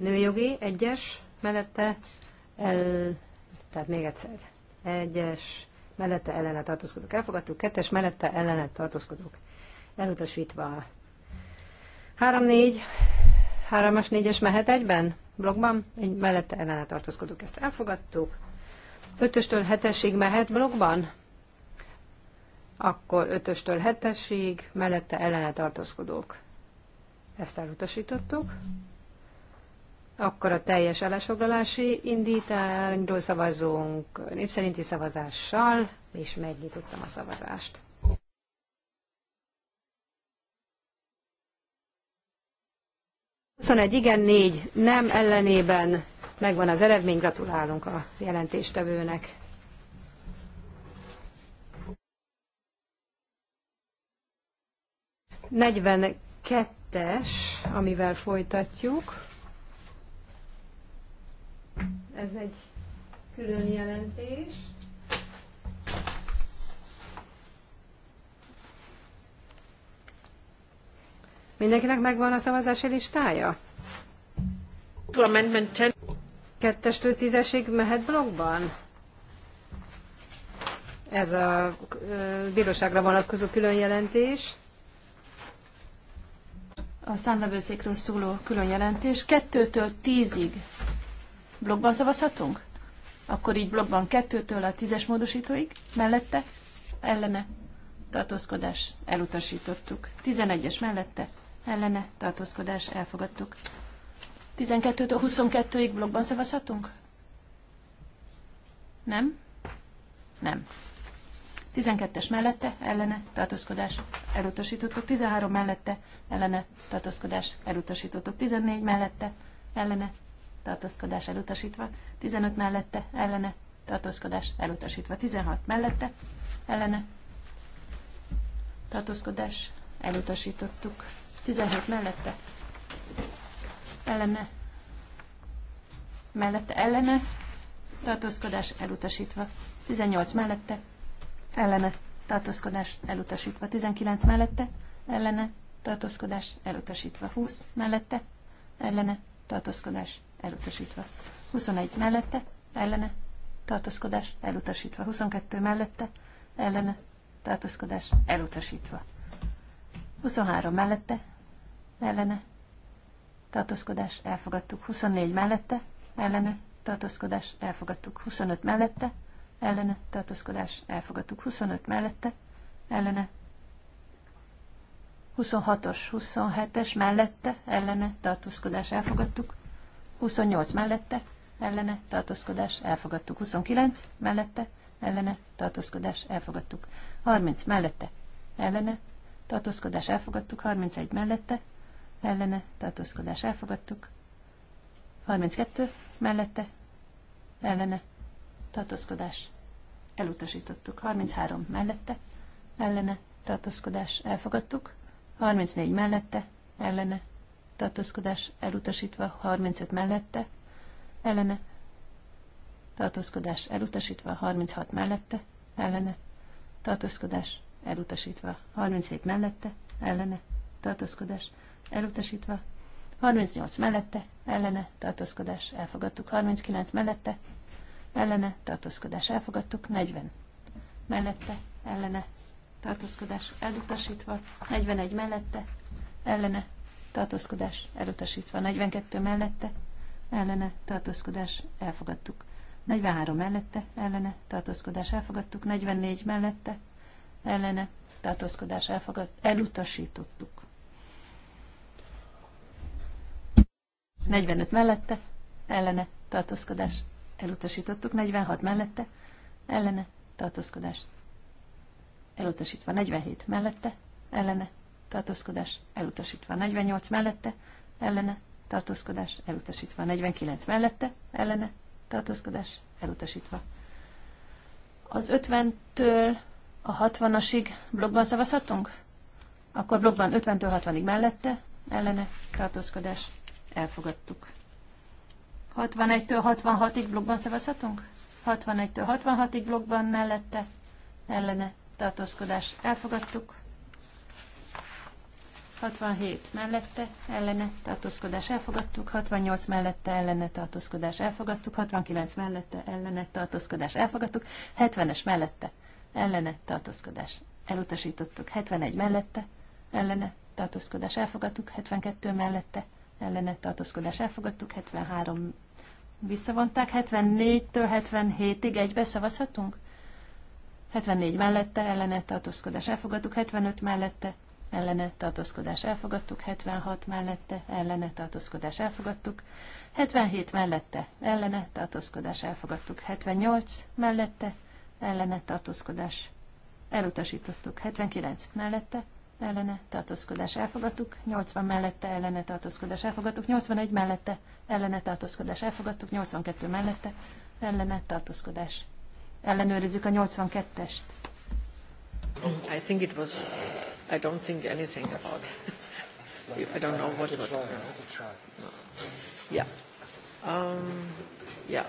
Nőjogi egyes mellette el, tehát még egyszer, egyes mellette ellene tartózkodók elfogadtuk, kettes mellette ellene tartózkodók elutasítva. 3-4, 3-as, 4-es mehet egyben? Blogban? Egy mellette ellene tartózkodók ezt elfogadtuk. 5-től 7-esig mehet blogban? Akkor 5-től 7-esig mellette ellene tartózkodók. Ezt elutasítottuk. Akkor a teljes állásfoglalási indítányról szavazunk népszerinti szavazással, és megnyitottam a szavazást. Szóval egy igen, négy nem ellenében megvan az eredmény, gratulálunk a jelentéstevőnek. Negyvenkettes, amivel folytatjuk ez egy külön jelentés. Mindenkinek megvan a szavazási listája? Kettestől tízesig mehet blogban? Ez a bíróságra vonatkozó külön jelentés. A számlevőszékről szóló külön jelentés. Kettőtől tízig Blogban szavazhatunk? Akkor így blogban kettőtől a tízes módosítóig, mellette, ellene, tartózkodás, elutasítottuk. Tizenegyes es mellette, ellene, tartózkodás, elfogadtuk. Tizenkettőtől a huszonkettőig blogban szavazhatunk? Nem? Nem. 12-es mellette, ellene, tartózkodás, elutasítottuk. 13 mellette, ellene, tartózkodás, elutasítottuk. 14 mellette, ellene, tartózkodás elutasítva, 15 mellette ellene tartózkodás elutasítva, 16 mellette ellene tartózkodás elutasítottuk, 17 mellette ellene mellette ellene tartózkodás elutasítva, 18 mellette ellene tartózkodás elutasítva, 19 mellette ellene tartózkodás elutasítva, 20 mellette ellene tartózkodás elutasítva. 21 mellette, ellene, tartózkodás, elutasítva. 22 mellette, ellene, tartózkodás, elutasítva. 23 mellette, ellene, tartózkodás, elfogadtuk. 24 mellette, ellene, tartózkodás, elfogadtuk. 25 mellette, ellene, tartózkodás, elfogadtuk. 25 mellette, ellene, 26-os, 27-es mellette, ellene, tartózkodás, elfogadtuk. 28 mellette, ellene, tartózkodás, elfogadtuk. 29 mellette, ellene, tartózkodás, elfogadtuk. 30 mellette, ellene, tartózkodás, elfogadtuk. 31 mellette, ellene, tartózkodás, elfogadtuk. 32 mellette, ellene, tartózkodás, elutasítottuk. 33 mellette, ellene, tartózkodás, elfogadtuk. 34 mellette, ellene, tartózkodás elutasítva, 35 mellette, ellene, tartózkodás elutasítva, 36 mellette, ellene, tartózkodás elutasítva, 37 mellette, ellene, tartózkodás elutasítva, 38 mellette, ellene, tartózkodás elfogadtuk, 39 mellette, ellene, tartózkodás elfogadtuk, 40 mellette, ellene, tartózkodás elutasítva, 41 mellette, ellene, tartózkodás elutasítva. 42 mellette ellene tartózkodás elfogadtuk. 43 mellette ellene tartózkodás elfogadtuk. 44 mellette ellene tartózkodás elfogad, elutasítottuk. 45 mellette ellene tartózkodás elutasítottuk. 46 mellette ellene tartózkodás elutasítva. 47 mellette ellene tartózkodás elutasítva. 48 mellette, ellene, tartózkodás elutasítva. 49 mellette, ellene, tartózkodás elutasítva. Az 50-től a 60-asig blogban szavazhatunk? Akkor blogban 50-től 60-ig mellette, ellene, tartózkodás elfogadtuk. 61-től 66-ig blogban szavazhatunk? 61-től 66-ig blogban mellette, ellene, tartózkodás elfogadtuk. 67 mellette ellene tartózkodás elfogadtuk, 68 mellette ellene tartózkodás elfogadtuk, 69 mellette ellene tartózkodás elfogadtuk, 70-es mellette ellene tartózkodás elutasítottuk, 71 mellette ellene tartózkodás elfogadtuk, 72 mellette ellene tartózkodás elfogadtuk, 73 visszavonták, 74-től 77-ig egybe szavazhatunk? 74 mellette ellene tartózkodás elfogadtuk, 75 mellette ellene tartózkodás elfogadtuk, 76 mellette ellene tartózkodás elfogadtuk, 77 mellette ellene tartózkodás elfogadtuk, 78 mellette ellene tartózkodás elutasítottuk, 79 mellette ellene tartózkodás elfogadtuk, 80 mellette ellene tartózkodás elfogadtuk, 81 mellette ellene tartózkodás elfogadtuk, 82 mellette ellene tartózkodás. Ellenőrizzük a 82-est. I think it was I don't think anything about. I don't know what. Try, no. Yeah. Um, yeah.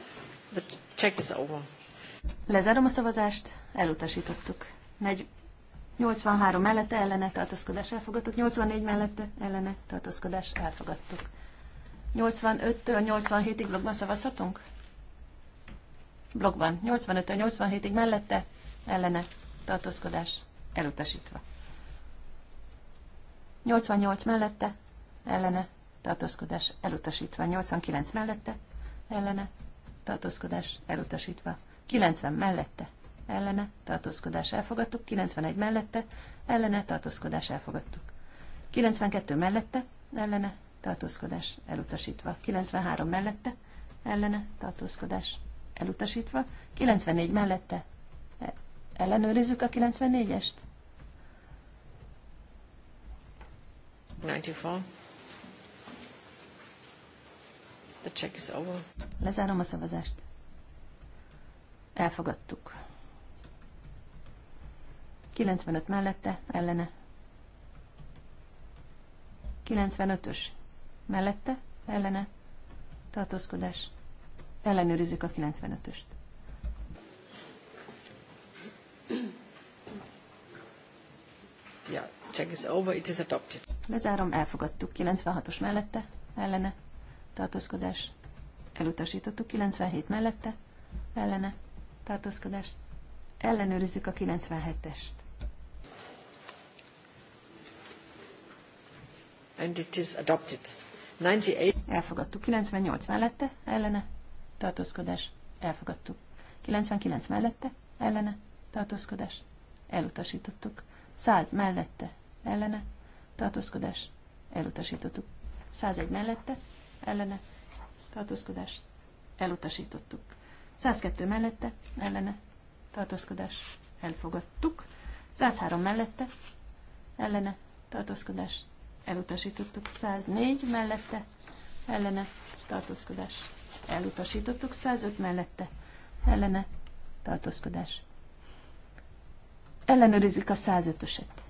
The check is over. Lezárom a szavazást, elutasítottuk. 83 mellette ellene tartózkodás elfogadtuk, 84 mellette ellene tartózkodás elfogadtuk. 85-től 87-ig blogban szavazhatunk? Blogban. 85-től 87-ig mellette ellene tartózkodás elutasítva. 88 mellette, ellene, tartózkodás elutasítva. 89 mellette, ellene, tartózkodás elutasítva. 90 mellette, ellene, tartózkodás elfogadtuk. 91 mellette, ellene, tartózkodás elfogadtuk. 92 mellette, ellene, tartózkodás elutasítva. 93 mellette, ellene, tartózkodás elutasítva. 94 mellette, e, ellenőrizzük a 94-est? 94. The check is over. Lezárom a szavazást. Elfogadtuk. 95 mellette, ellene. 95-ös. Mellette, ellene. Tartózkodás. Ellenőrizzük a 95-öst. Yeah. Check is over, it is adopted. Lezárom, elfogadtuk. 96-os mellette, ellene, tartózkodás. Elutasítottuk. 97 mellette, ellene, tartózkodás. Ellenőrizzük a 97-est. And it is adopted. 98. Elfogadtuk. 98 mellette, ellene, tartózkodás. Elfogadtuk. 99 mellette, ellene, tartózkodás. Elutasítottuk. 100 mellette, ellene, tartózkodás, elutasítottuk. 101 mellette, ellene, tartózkodás, elutasítottuk. 102 mellette, ellene, tartózkodás, elfogadtuk. 103 mellette, ellene, tartózkodás, elutasítottuk. 104 mellette, ellene, tartózkodás, elutasítottuk. 105 mellette, ellene, tartózkodás. Ellenőrizzük a 105-öset.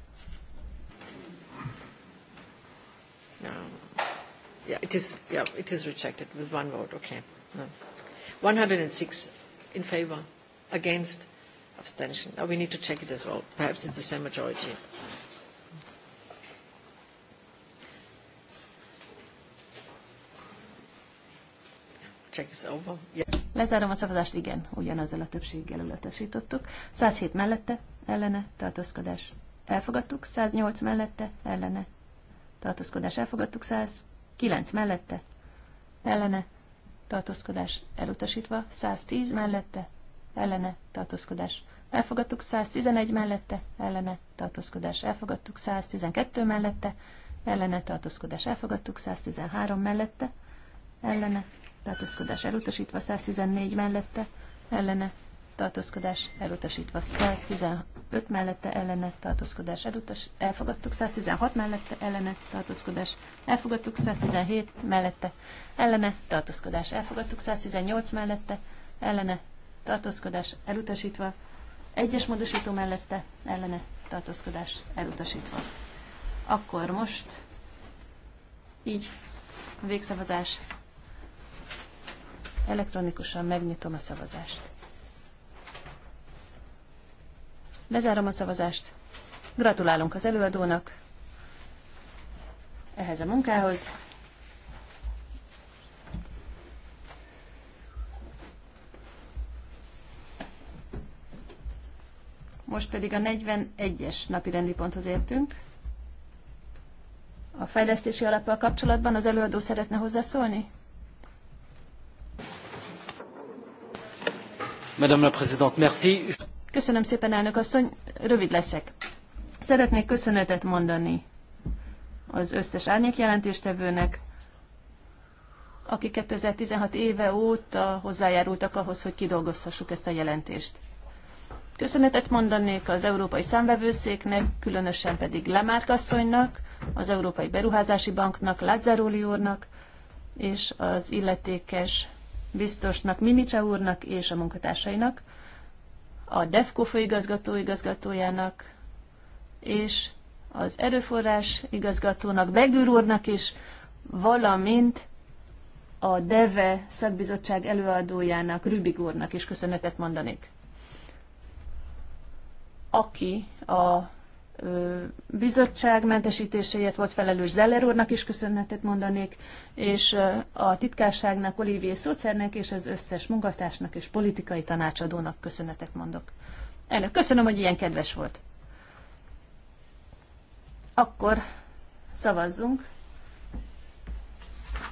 yeah, it is, yeah, it is rejected with one vote, okay. No. 106 in favor, against, abstention. Now we need to check it as well. Perhaps it's the same majority. Check is over. Yeah. Lezárom a szavazást, igen, ugyanazzal a többséggel utasítottuk. 107 mellette, ellene, tartózkodás. Elfogadtuk, 108 mellette, ellene, tartózkodás. Elfogadtuk, 100 9 mellette, ellene, tartózkodás elutasítva, 110 mellette, ellene, tartózkodás elfogadtuk, 111 mellette, ellene, tartózkodás elfogadtuk, 112 mellette, ellene, tartózkodás elfogadtuk, 113 mellette, ellene, tartózkodás elutasítva, 114 mellette, ellene, tartózkodás elutasítva 115 mellette ellene tartózkodás elutas, elfogadtuk 116 mellette ellene tartózkodás, elfogadtuk 117 mellette ellene tartózkodás, elfogadtuk 118 mellette ellene tartózkodás elutasítva, egyes módosító mellette ellene tartózkodás elutasítva. Akkor most így végszavazás. Elektronikusan megnyitom a szavazást. Lezárom a szavazást. Gratulálunk az előadónak ehhez a munkához. Most pedig a 41-es napi rendi ponthoz értünk. A fejlesztési alappal kapcsolatban az előadó szeretne hozzászólni? Madame la Présidente, merci. Köszönöm szépen, elnök asszony, rövid leszek. Szeretnék köszönetet mondani az összes árnyék jelentéstevőnek, akik 2016 éve óta hozzájárultak ahhoz, hogy kidolgozhassuk ezt a jelentést. Köszönetet mondanék az Európai Számvevőszéknek, különösen pedig Lemárk asszonynak, az Európai Beruházási Banknak, Lazzaroli úrnak, és az illetékes biztosnak, Mimicsa úrnak és a munkatársainak, a DEFCO főigazgató igazgatójának és az erőforrás igazgatónak, Begűr úrnak is, valamint a DEVE szakbizottság előadójának, Rübig úrnak is köszönetet mondanék, aki a bizottság mentesítéséért volt felelős Zeller úrnak is köszönetet mondanék, és a titkárságnak, Olivier Szócernek és az összes munkatársnak és politikai tanácsadónak köszönetet mondok. Elnök, köszönöm, hogy ilyen kedves volt. Akkor szavazzunk.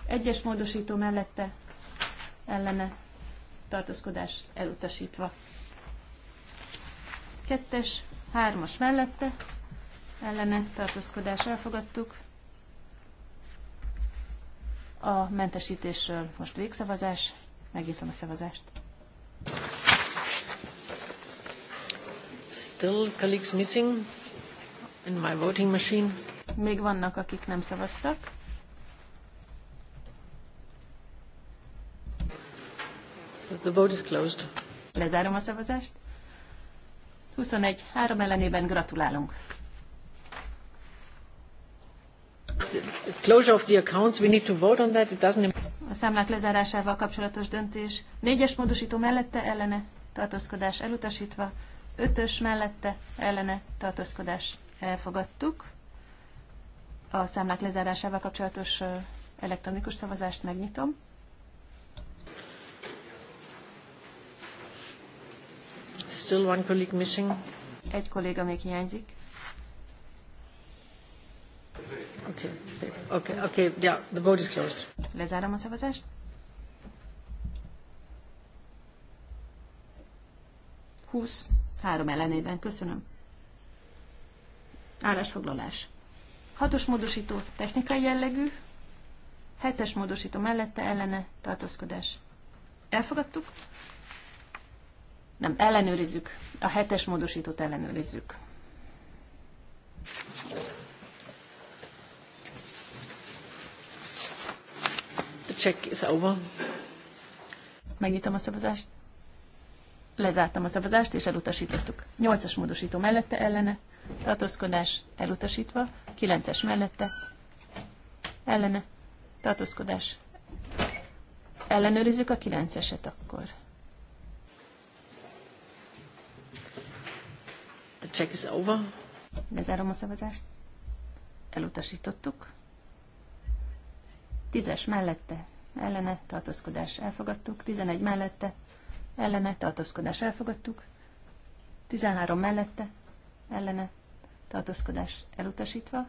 Egyes módosító mellette ellene tartózkodás elutasítva. Kettes, hármas mellette ellene tartózkodás elfogadtuk. A mentesítésről most végszavazás, megnyitom a szavazást. Still colleagues missing in my voting machine. Még vannak, akik nem szavaztak. So the vote is closed. Lezárom a szavazást. 21-3 ellenében gratulálunk. A számlák lezárásával kapcsolatos döntés. Négyes módosító mellette ellene tartózkodás elutasítva. Ötös mellette ellene tartózkodás elfogadtuk. A számlák lezárásával kapcsolatos elektronikus szavazást megnyitom. Still one colleague missing. Egy kolléga még hiányzik. Okay, okay, okay, yeah, the vote is closed. Lezárom a szavazást. Húsz, három ellenében, köszönöm. Állásfoglalás. Hatos módosító technikai jellegű, hetes módosító mellette ellene tartózkodás. Elfogadtuk? Nem, ellenőrizzük. A hetes módosítót ellenőrizzük. check is over. Megnyitom a szavazást. Lezártam a szavazást, és elutasítottuk. 8-as módosító mellette ellene, tartózkodás elutasítva, 9-es mellette ellene, tartózkodás. Ellenőrizzük a 9-eset akkor. The check is over. Lezárom a szavazást. Elutasítottuk. Tízes mellette ellene tartózkodás elfogadtuk, tizenegy mellette ellene tartózkodás elfogadtuk, tizenhárom mellette ellene tartózkodás elutasítva,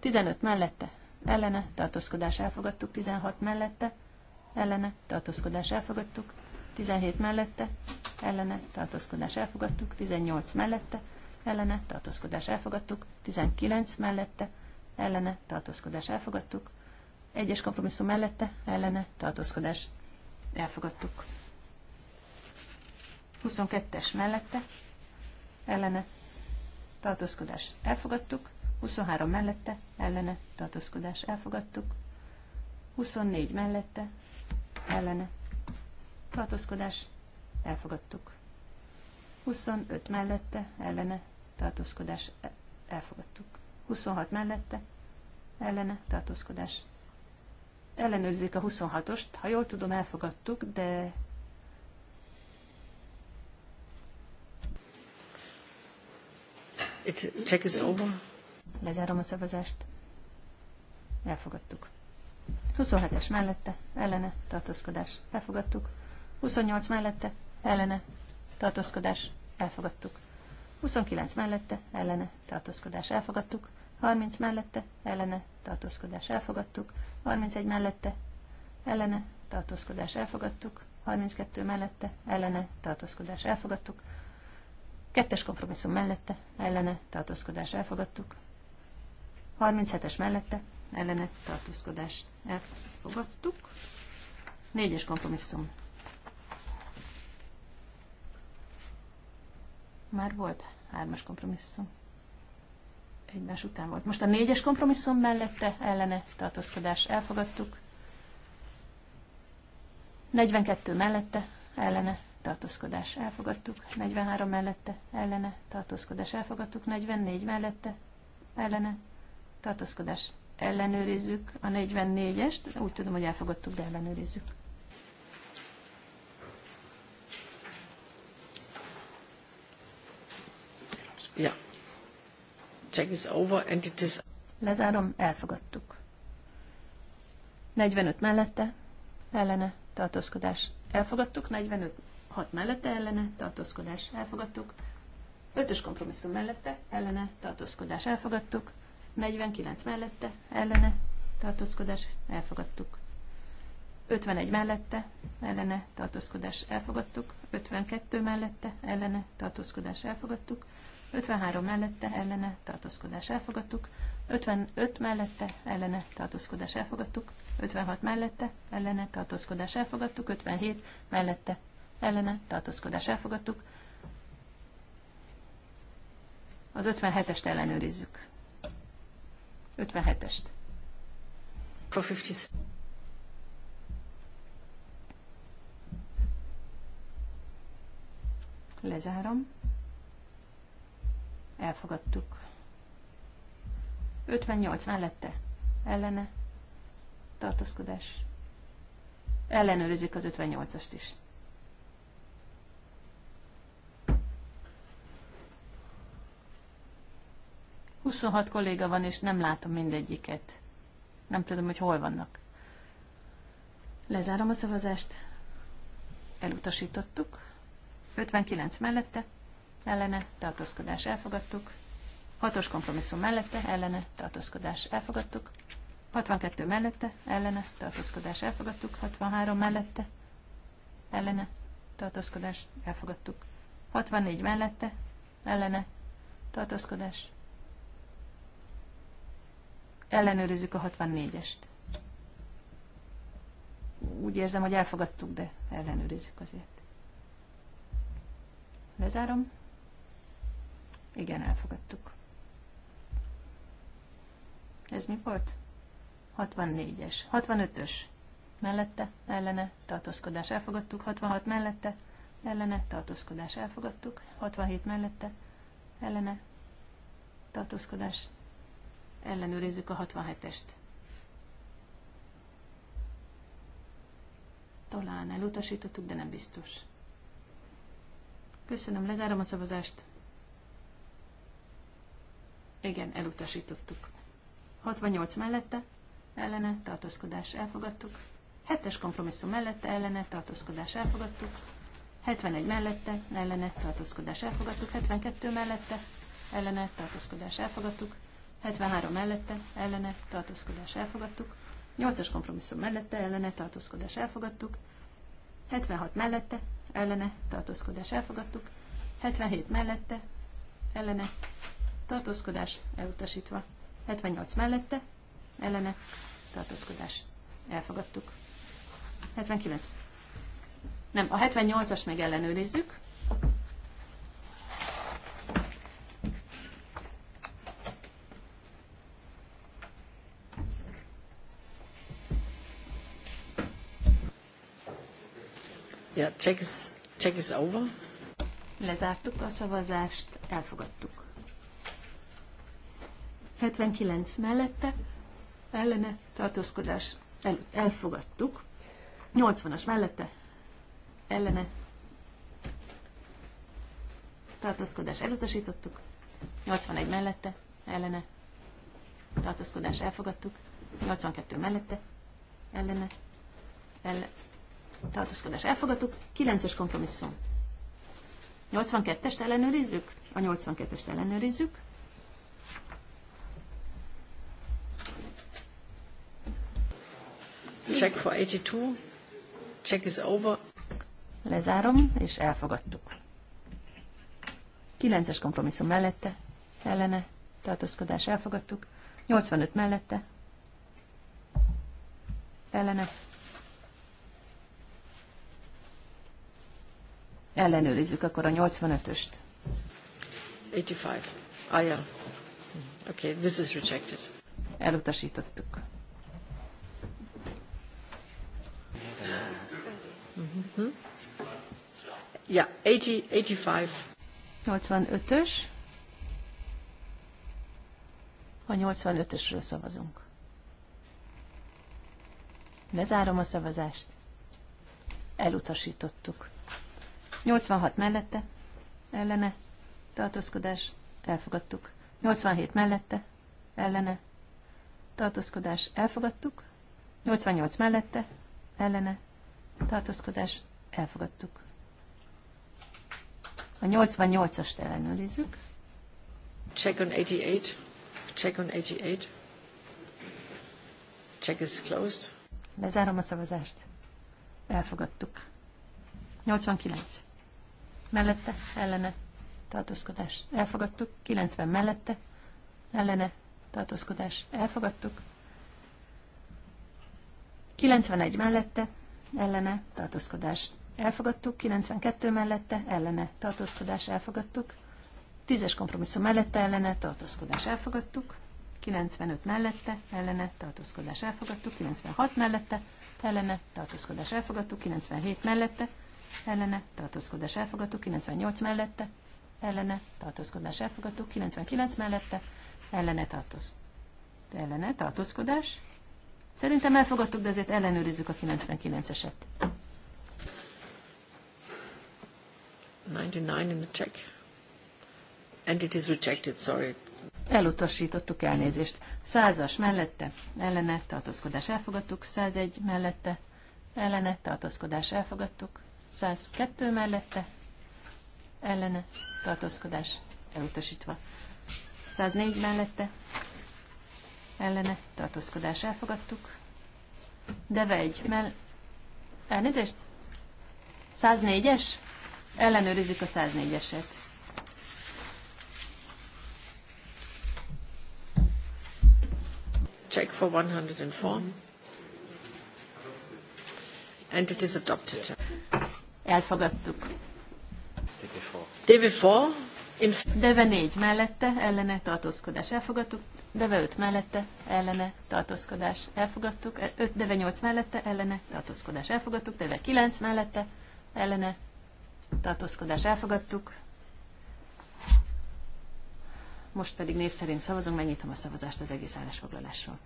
tizenöt mellette ellene tartózkodás elfogadtuk, tizenhat mellette ellene tartózkodás elfogadtuk, 17 mellette ellene tartózkodás elfogadtuk, 18 mellette ellene tartózkodás elfogadtuk, 19 mellette ellene tartózkodás elfogadtuk, egyes kompromisszum mellette, ellene, tartózkodás. Elfogadtuk. 22-es mellette, ellene, tartózkodás. Elfogadtuk. 23 mellette, ellene, tartózkodás. Elfogadtuk. 24 mellette, ellene, tartózkodás. Elfogadtuk. 25 mellette, ellene, tartózkodás. E- elfogadtuk. 26 mellette, ellene, tartózkodás ellenőrzik a 26-ost. Ha jól tudom, elfogadtuk, de... check is over. Lezárom a szavazást. Elfogadtuk. 27-es mellette, ellene, tartózkodás. Elfogadtuk. 28 mellette, ellene, tartózkodás. Elfogadtuk. 29 mellette, ellene, tartózkodás. Elfogadtuk. 30 mellette, ellene, tartózkodás elfogadtuk. 31 mellette, ellene, tartózkodás elfogadtuk. 32 mellette, ellene, tartózkodás elfogadtuk. Kettes kompromisszum mellette, ellene, tartózkodás elfogadtuk. 37-es mellette, ellene, tartózkodás elfogadtuk. Négyes kompromisszum. Már volt hármas kompromisszum egymás után volt. Most a négyes kompromisszum mellette ellene tartózkodás elfogadtuk. 42 mellette ellene tartózkodás elfogadtuk. 43 mellette ellene tartózkodás elfogadtuk. 44 mellette ellene tartózkodás ellenőrizzük. A 44-est úgy tudom, hogy elfogadtuk, de ellenőrizzük. Yeah. Check is over and it is... Lezárom, elfogadtuk. 45 mellette, ellene, tartózkodás. Elfogadtuk, 45 6 mellette, ellene, tartózkodás. Elfogadtuk. 5-ös kompromisszum mellette, ellene, tartózkodás. Elfogadtuk. 49 mellette, ellene, tartózkodás. Elfogadtuk. 51 mellette, ellene, tartózkodás. Elfogadtuk. 52 mellette, ellene, tartózkodás. Elfogadtuk. 53 mellette ellene tartózkodás elfogadtuk, 55 mellette ellene tartózkodás elfogadtuk, 56 mellette ellene tartózkodás elfogadtuk, 57 mellette ellene tartózkodás elfogadtuk. Az 57-est ellenőrizzük. 57-est. Lezárom. Elfogadtuk. 58 mellette. Ellene. Tartózkodás. Ellenőrizik az 58-ast is. Huszonhat kolléga van, és nem látom mindegyiket. Nem tudom, hogy hol vannak. Lezárom a szavazást. Elutasítottuk. 59 mellette ellene tartózkodás elfogadtuk. Hatos kompromisszum mellette ellene tartózkodás elfogadtuk. 62 mellette ellene tartózkodás elfogadtuk. 63 mellette ellene tartózkodás elfogadtuk. 64 mellette ellene tartózkodás. Ellenőrizzük a 64-est. Úgy érzem, hogy elfogadtuk, de ellenőrizzük azért. Lezárom. Igen, elfogadtuk. Ez mi volt? 64-es. 65-ös. Mellette, ellene, tartózkodás elfogadtuk. 66 mellette, ellene, tartózkodás elfogadtuk. 67 mellette, ellene, tartózkodás. Ellenőrizzük a 67-est. Talán elutasítottuk, de nem biztos. Köszönöm, lezárom a szavazást. Igen, elutasítottuk. 68 mellette, ellene, tartózkodás elfogadtuk. 7-es kompromisszum mellette, ellene, tartózkodás elfogadtuk. 71 mellette, ellene, tartózkodás elfogadtuk. 72 mellette, ellene, tartózkodás elfogadtuk. 73 mellette, ellene, tartózkodás elfogadtuk. 8-as kompromisszum mellette, ellene, tartózkodás elfogadtuk. 76 mellette, ellene, tartózkodás elfogadtuk. 77 mellette, ellene, tartózkodás elutasítva. 78 mellette, ellene, tartózkodás. Elfogadtuk. 79. Nem, a 78-as még ellenőrizzük. Yeah, check is, check is over. Lezártuk a szavazást, elfogadtuk. 79 mellette, ellene tartózkodás el, elfogadtuk. 80-as mellette, ellene tartózkodás elutasítottuk. 81 mellette, ellene tartózkodás elfogadtuk. 82 mellette, ellene ellen, tartózkodás elfogadtuk. 9-es kompromisszum. 82-est ellenőrizzük? A 82-est ellenőrizzük. Check for 82. Check is over. Lezárom, és elfogadtuk. 9-es kompromisszum mellette, ellene, tartózkodás elfogadtuk. 85 mellette, ellene. Ellenőrizzük akkor a 85-öst. 85. Ah, yeah. Okay, this is rejected. Elutasítottuk. Hm? Ja, 80, 85. 85-ös. A 85-ösről szavazunk. Lezárom a szavazást. Elutasítottuk. 86 mellette, ellene, tartózkodás, elfogadtuk. 87 mellette, ellene, tartózkodás, elfogadtuk. 88 mellette, ellene, tartózkodás elfogadtuk. A 88-ast ellenőrizzük. Check on 88. Check on 88. Check is closed. Lezárom a szavazást. Elfogadtuk. 89. Mellette, ellene, tartózkodás. Elfogadtuk. 90 mellette, ellene, tartózkodás. Elfogadtuk. 91 mellette, ellene tartózkodás elfogadtuk, 92 mellette ellene tartózkodás elfogadtuk, 10-es kompromisszum mellette ellene tartózkodás elfogadtuk, 95 mellette ellene tartózkodás elfogadtuk, 96 mellette ellene tartózkodás elfogadtuk, 97 mellette ellene tartózkodás elfogadtuk, 98 mellette ellene tartózkodás elfogadtuk, 99 mellette ellene tartózkodás. Ellene tartózkodás Szerintem elfogadtuk, de azért ellenőrizzük a 99-eset. 99 in the check. And it is rejected, sorry. Elutasítottuk elnézést. Százas mellette, ellene, tartózkodás elfogadtuk. 101 mellette, ellene, tartózkodás elfogadtuk. 102 mellette, ellene, tartózkodás elutasítva. 104 mellette, ellene tartózkodás elfogadtuk. De vegy, mert, Elnézést? 104-es? Ellenőrizzük a 104-eset. Check for 104. And it is adopted. Elfogadtuk. DV4. DV4 Deve 4 mellette ellene tartózkodás elfogadtuk. Deve 5 mellette, ellene, tartózkodás, elfogadtuk. 5 e, Deve 8 mellette, ellene, tartózkodás, elfogadtuk. Deve 9 mellette, ellene, tartózkodás, elfogadtuk. Most pedig név szerint szavazunk, megnyitom a szavazást az egész állásfoglalásról.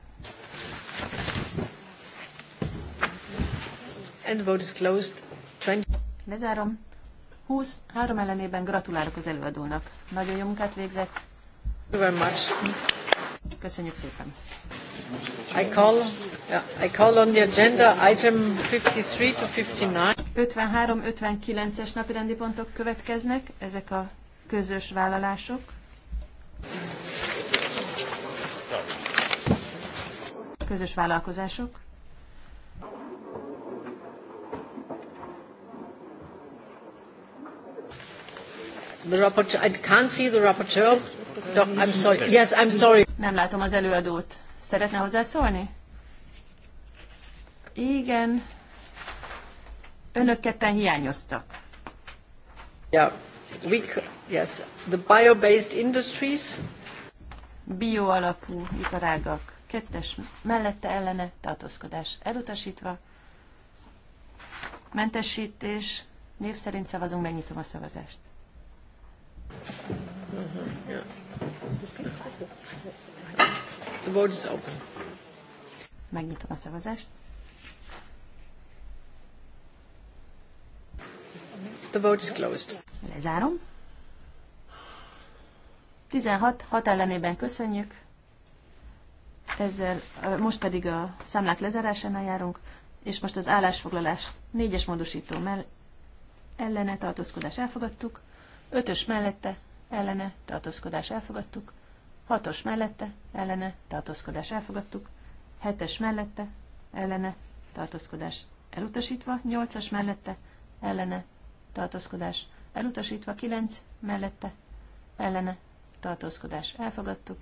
And vote is closed. 20. Lezárom. 20, 3 ellenében gratulálok az előadónak. Nagyon jó munkát végzett. Very much. Köszönjük szépen. I call, yeah, I call on the agenda item 53 to 59. 53-59-es napirendi pontok következnek, ezek a közös vállalások. Közös vállalkozások. The rapporteur, I can't see the rapporteur. I'm sorry. Yes, I'm sorry. Nem látom az előadót. Szeretne hozzászólni? Igen. Önök ketten hiányoztak. Yeah. We, yes. The bio-based industries. Bio alapú iparágak. Kettes mellette ellene tartózkodás elutasítva. Mentesítés. Név szerint szavazunk, megnyitom a szavazást. Mm-hmm. Yeah. The vote is open. Megnyitom a szavazást. The vote is closed. Lezárom. 16, hat ellenében köszönjük. Ezzel most pedig a számlák lezárásánál járunk, és most az állásfoglalás négyes módosító mell ellene tartózkodás elfogadtuk, ötös mellette ellene tartózkodás elfogadtuk, Hatos mellette, ellene, tartózkodás elfogadtuk. Hetes mellette, ellene, tartózkodás elutasítva. Nyolcas mellette, ellene, tartózkodás elutasítva. Kilenc mellette, ellene, tartózkodás elfogadtuk.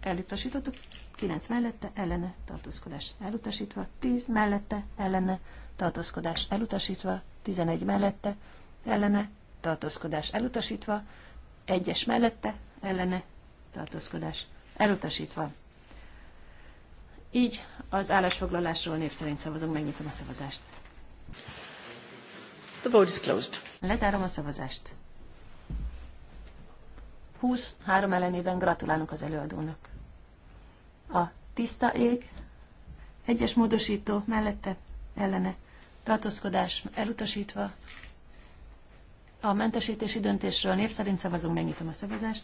Elutasítottuk. Kilenc mellette, ellene, tartózkodás elutasítva. Tíz mellette, ellene, tartózkodás elutasítva. Tizenegy mellette, ellene, tartózkodás elutasítva. Egyes mellette, ellene, tartózkodás elutasítva. Így az állásfoglalásról név szerint szavazunk, megnyitom a szavazást. The vote is closed. Lezárom a szavazást. 23 ellenében gratulálunk az előadónak. A tiszta ég, egyes módosító mellette, ellene, tartózkodás elutasítva. A mentesítési döntésről név szerint szavazunk, megnyitom a szavazást.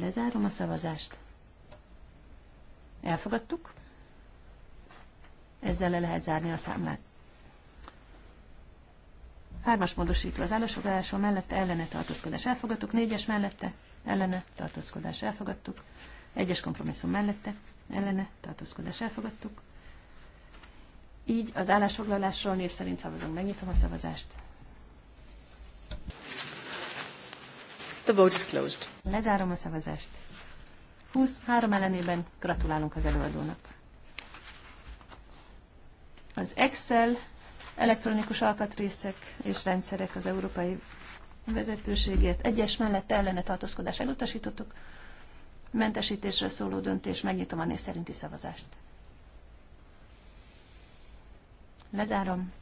Lezárom a szavazást. Elfogadtuk. Ezzel le lehet zárni a számlát. Hármas módosító az állásfoglalásról mellette ellene tartózkodás elfogadtuk, négyes mellette ellene tartózkodás elfogadtuk, egyes kompromisszum mellette ellene tartózkodás elfogadtuk. Így az állásfoglalásról név szerint szavazunk. Megnyitom a szavazást. The vote is closed. Lezárom a szavazást. 23 ellenében gratulálunk az előadónak. Az Excel elektronikus alkatrészek és rendszerek az európai vezetőségét egyes mellett ellene tartózkodás elutasítottuk. Mentesítésre szóló döntés, megnyitom a név szerinti szavazást. Lezárom.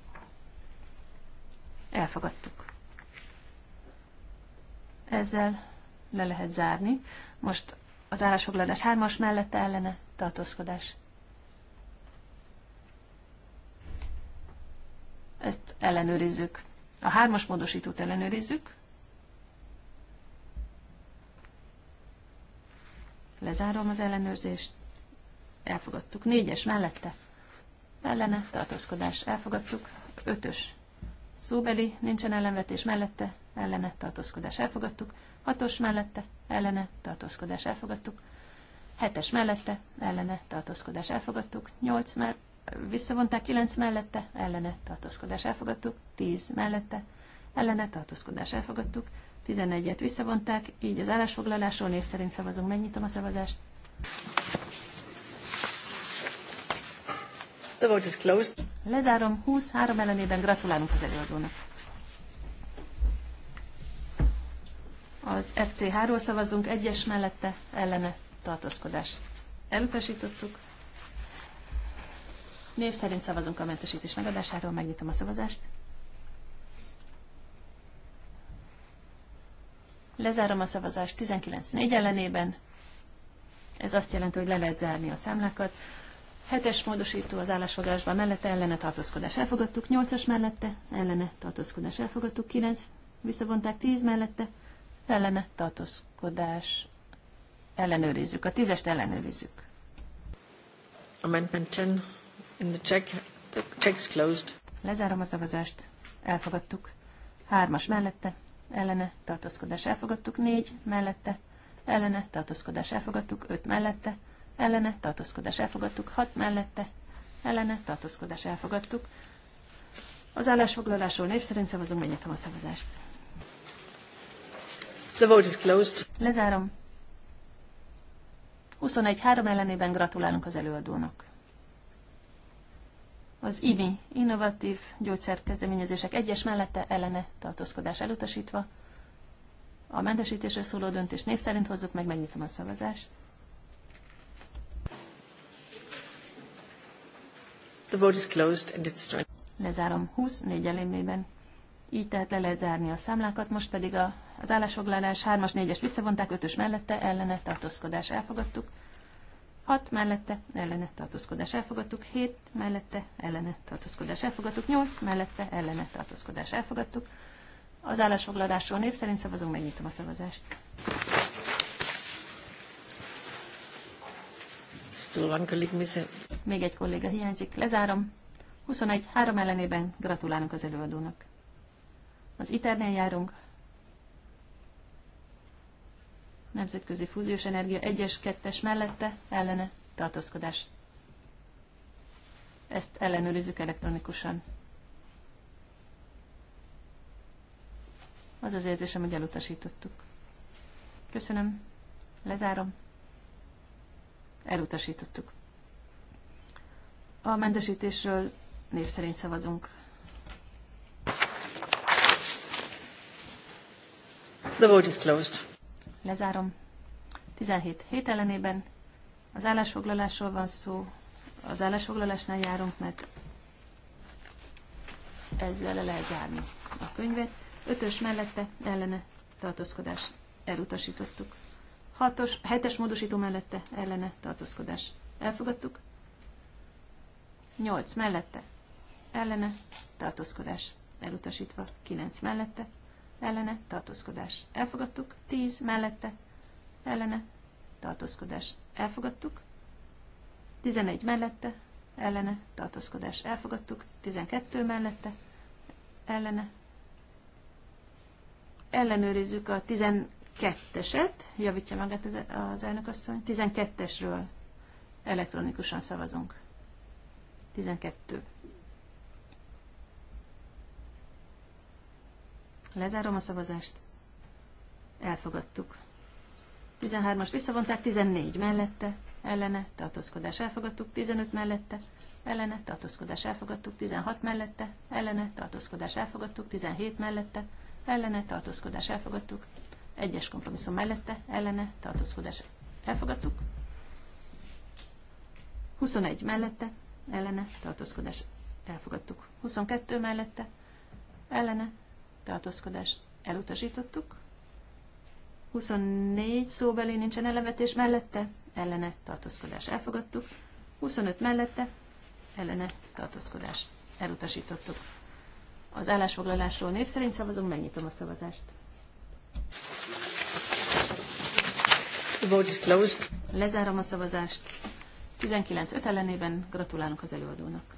Elfogadtuk. Ezzel le lehet zárni. Most az állásfoglalás hármas mellette ellene tartózkodás. Ezt ellenőrizzük. A hármas módosítót ellenőrizzük. Lezárom az ellenőrzést. Elfogadtuk. Négyes mellette. Ellene tartózkodás. Elfogadtuk. Ötös. Szóbeli, nincsen ellenvetés mellette ellene tartózkodás elfogadtuk, Hatos mellette ellene tartózkodás elfogadtuk, Hetes mellette ellene tartózkodás elfogadtuk, Nyolc mellette visszavonták Kilenc mellette, ellene tartózkodás elfogadtuk, Tíz mellette, ellene tartózkodás elfogadtuk, 11-et visszavonták, így az állásfoglalásról név szerint szavazunk, megnyitom a szavazást. The vote is closed. Lezárom, 23 ellenében gratulálunk az előadónak. Az FC3-ról szavazunk, egyes mellette ellene tartózkodás. Elutasítottuk. Név szerint szavazunk a mentesítés megadásáról, megnyitom a szavazást. Lezárom a szavazást 19-4 ellenében. Ez azt jelenti, hogy le lehet zárni a számlákat. Hetes módosító az állásfoglalásban mellette ellene tartózkodás elfogadtuk, 8-as mellette ellene tartózkodás elfogadtuk, 9 visszavonták 10 mellette ellene tartózkodás ellenőrizzük. A tízest ellenőrizzük. Amendment 10 in the check. The check's closed. Lezárom a szavazást. Elfogadtuk. Hármas mellette, ellene, tartózkodás elfogadtuk. Négy mellette, ellene, tartózkodás elfogadtuk. Öt mellette, ellene, tartózkodás elfogadtuk. Hat mellette, ellene, tartózkodás elfogadtuk. Az állásfoglalásról név szerint szavazunk, megnyitom a szavazást. The vote is closed. Lezárom. 21-3 ellenében gratulálunk az előadónak. Az IMI, innovatív gyógyszerkezdeményezések egyes mellette ellene tartózkodás elutasítva. A mentesítésre szóló döntés név szerint hozzuk meg, megnyitom a szavazást. The vote is closed and it's Lezárom 24 ellenében. Így tehát le lehet zárni a számlákat, most pedig a az állásfoglalás 3-as, 4-es visszavonták, 5-ös mellette ellene tartózkodás elfogadtuk. 6 mellette ellene tartózkodás elfogadtuk, 7 mellette ellene tartózkodás elfogadtuk, 8 mellette ellene tartózkodás elfogadtuk. Az állásfoglalásról név szerint szavazunk, megnyitom a szavazást. Még egy kolléga hiányzik, lezárom. 21 három ellenében gratulálunk az előadónak. Az iternél járunk, nemzetközi fúziós energia 1-es, 2-es mellette ellene tartózkodás. Ezt ellenőrizzük elektronikusan. Az az érzésem, hogy elutasítottuk. Köszönöm. Lezárom. Elutasítottuk. A mentesítésről név szerint szavazunk. The vote is closed lezárom. 17 hét ellenében az állásfoglalásról van szó, az állásfoglalásnál járunk, mert ezzel le lehet zárni a könyvet. Ötös mellette ellene tartózkodás elutasítottuk. Hatos, hetes módosító mellette ellene tartózkodás elfogadtuk. Nyolc mellette ellene tartózkodás elutasítva. Kilenc mellette ellene, tartózkodás. Elfogadtuk. 10 mellette, ellene, tartózkodás. Elfogadtuk. 11 mellette, ellene, tartózkodás. Elfogadtuk. 12 mellette, ellene. Ellenőrizzük a 12-eset, javítja magát az elnök asszony, 12-esről elektronikusan szavazunk. 12. Lezárom a szavazást. Elfogadtuk. 13-as visszavonták, 14 mellette, ellene, tartózkodás elfogadtuk, 15 mellette, ellene, tartózkodás elfogadtuk, 16 mellette, ellene, tartózkodás elfogadtuk, 17 mellette, ellene, tartózkodás elfogadtuk, egyes kompromisszum mellette, ellene, tartózkodás elfogadtuk, 21 mellette, ellene, tartózkodás elfogadtuk, 22 mellette, ellene, tartózkodást elutasítottuk. 24 szóbeli nincsen elevetés mellette, ellene tartózkodás elfogadtuk. 25 mellette, ellene tartózkodás elutasítottuk. Az állásfoglalásról név szerint szavazunk, megnyitom a szavazást. The vote is closed. Lezárom a szavazást. 19-5 ellenében gratulálunk az előadónak.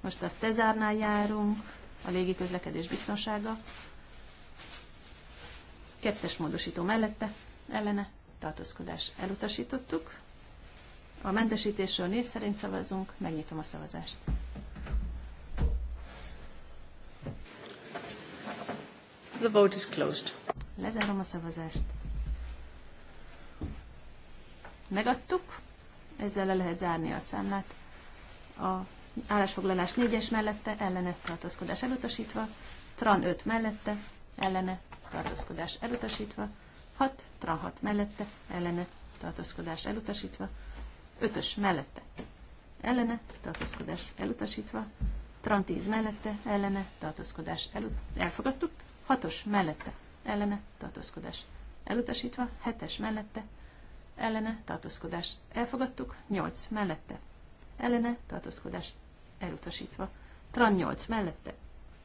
Most a Cezárnál járunk a légi közlekedés biztonsága. Kettes módosító mellette, ellene, tartózkodás elutasítottuk. A mentesítésről név szerint szavazunk, megnyitom a szavazást. The vote is closed. Lezárom a szavazást. Megadtuk, ezzel le lehet zárni a számlát. A állásfoglalás 4-es mellette ellene tartózkodás elutasítva, tran 5 mellette ellene tartózkodás elutasítva, 6 tran 6 mellette ellene tartózkodás elutasítva, 5-ös mellette ellene tartózkodás elutasítva, tran 10 mellette ellene tartózkodás elutasítva, elfogadtuk, 6-os mellette ellene tartózkodás elutasítva, 7-es mellette ellene tartózkodás elfogadtuk, 8 mellette ellene tartózkodás elutasítva. Tran 8 mellette,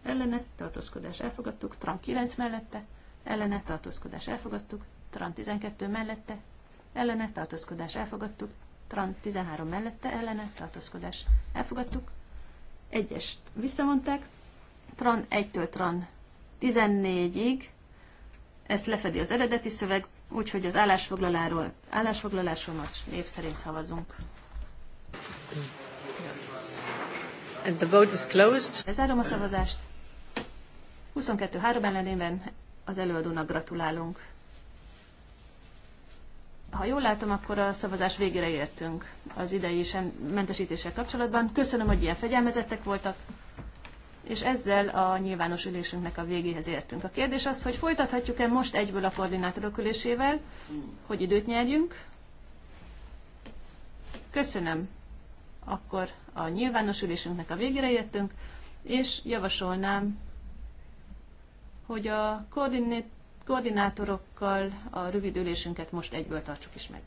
ellene, tartózkodás elfogadtuk. Tran 9 mellette, ellene, tartózkodás elfogadtuk. Tran 12 mellette, ellene, tartózkodás elfogadtuk. Tran 13 mellette, ellene, tartózkodás elfogadtuk. Egyest visszavonták. Tran 1-től Tran 14-ig, ezt lefedi az eredeti szöveg, úgyhogy az állásfoglalásról, most név szerint szavazunk. you. And the vote is closed. Lezárom a szavazást. 22-3 ellenében az előadónak gratulálunk. Ha jól látom, akkor a szavazás végére értünk az idei sem mentesítéssel kapcsolatban. Köszönöm, hogy ilyen fegyelmezettek voltak, és ezzel a nyilvános ülésünknek a végéhez értünk. A kérdés az, hogy folytathatjuk-e most egyből a koordinátorok ülésével, hogy időt nyerjünk. Köszönöm. Akkor a nyilvános ülésünknek a végére értünk, és javasolnám, hogy a koordinátorokkal a rövid ülésünket most egyből tartsuk is meg.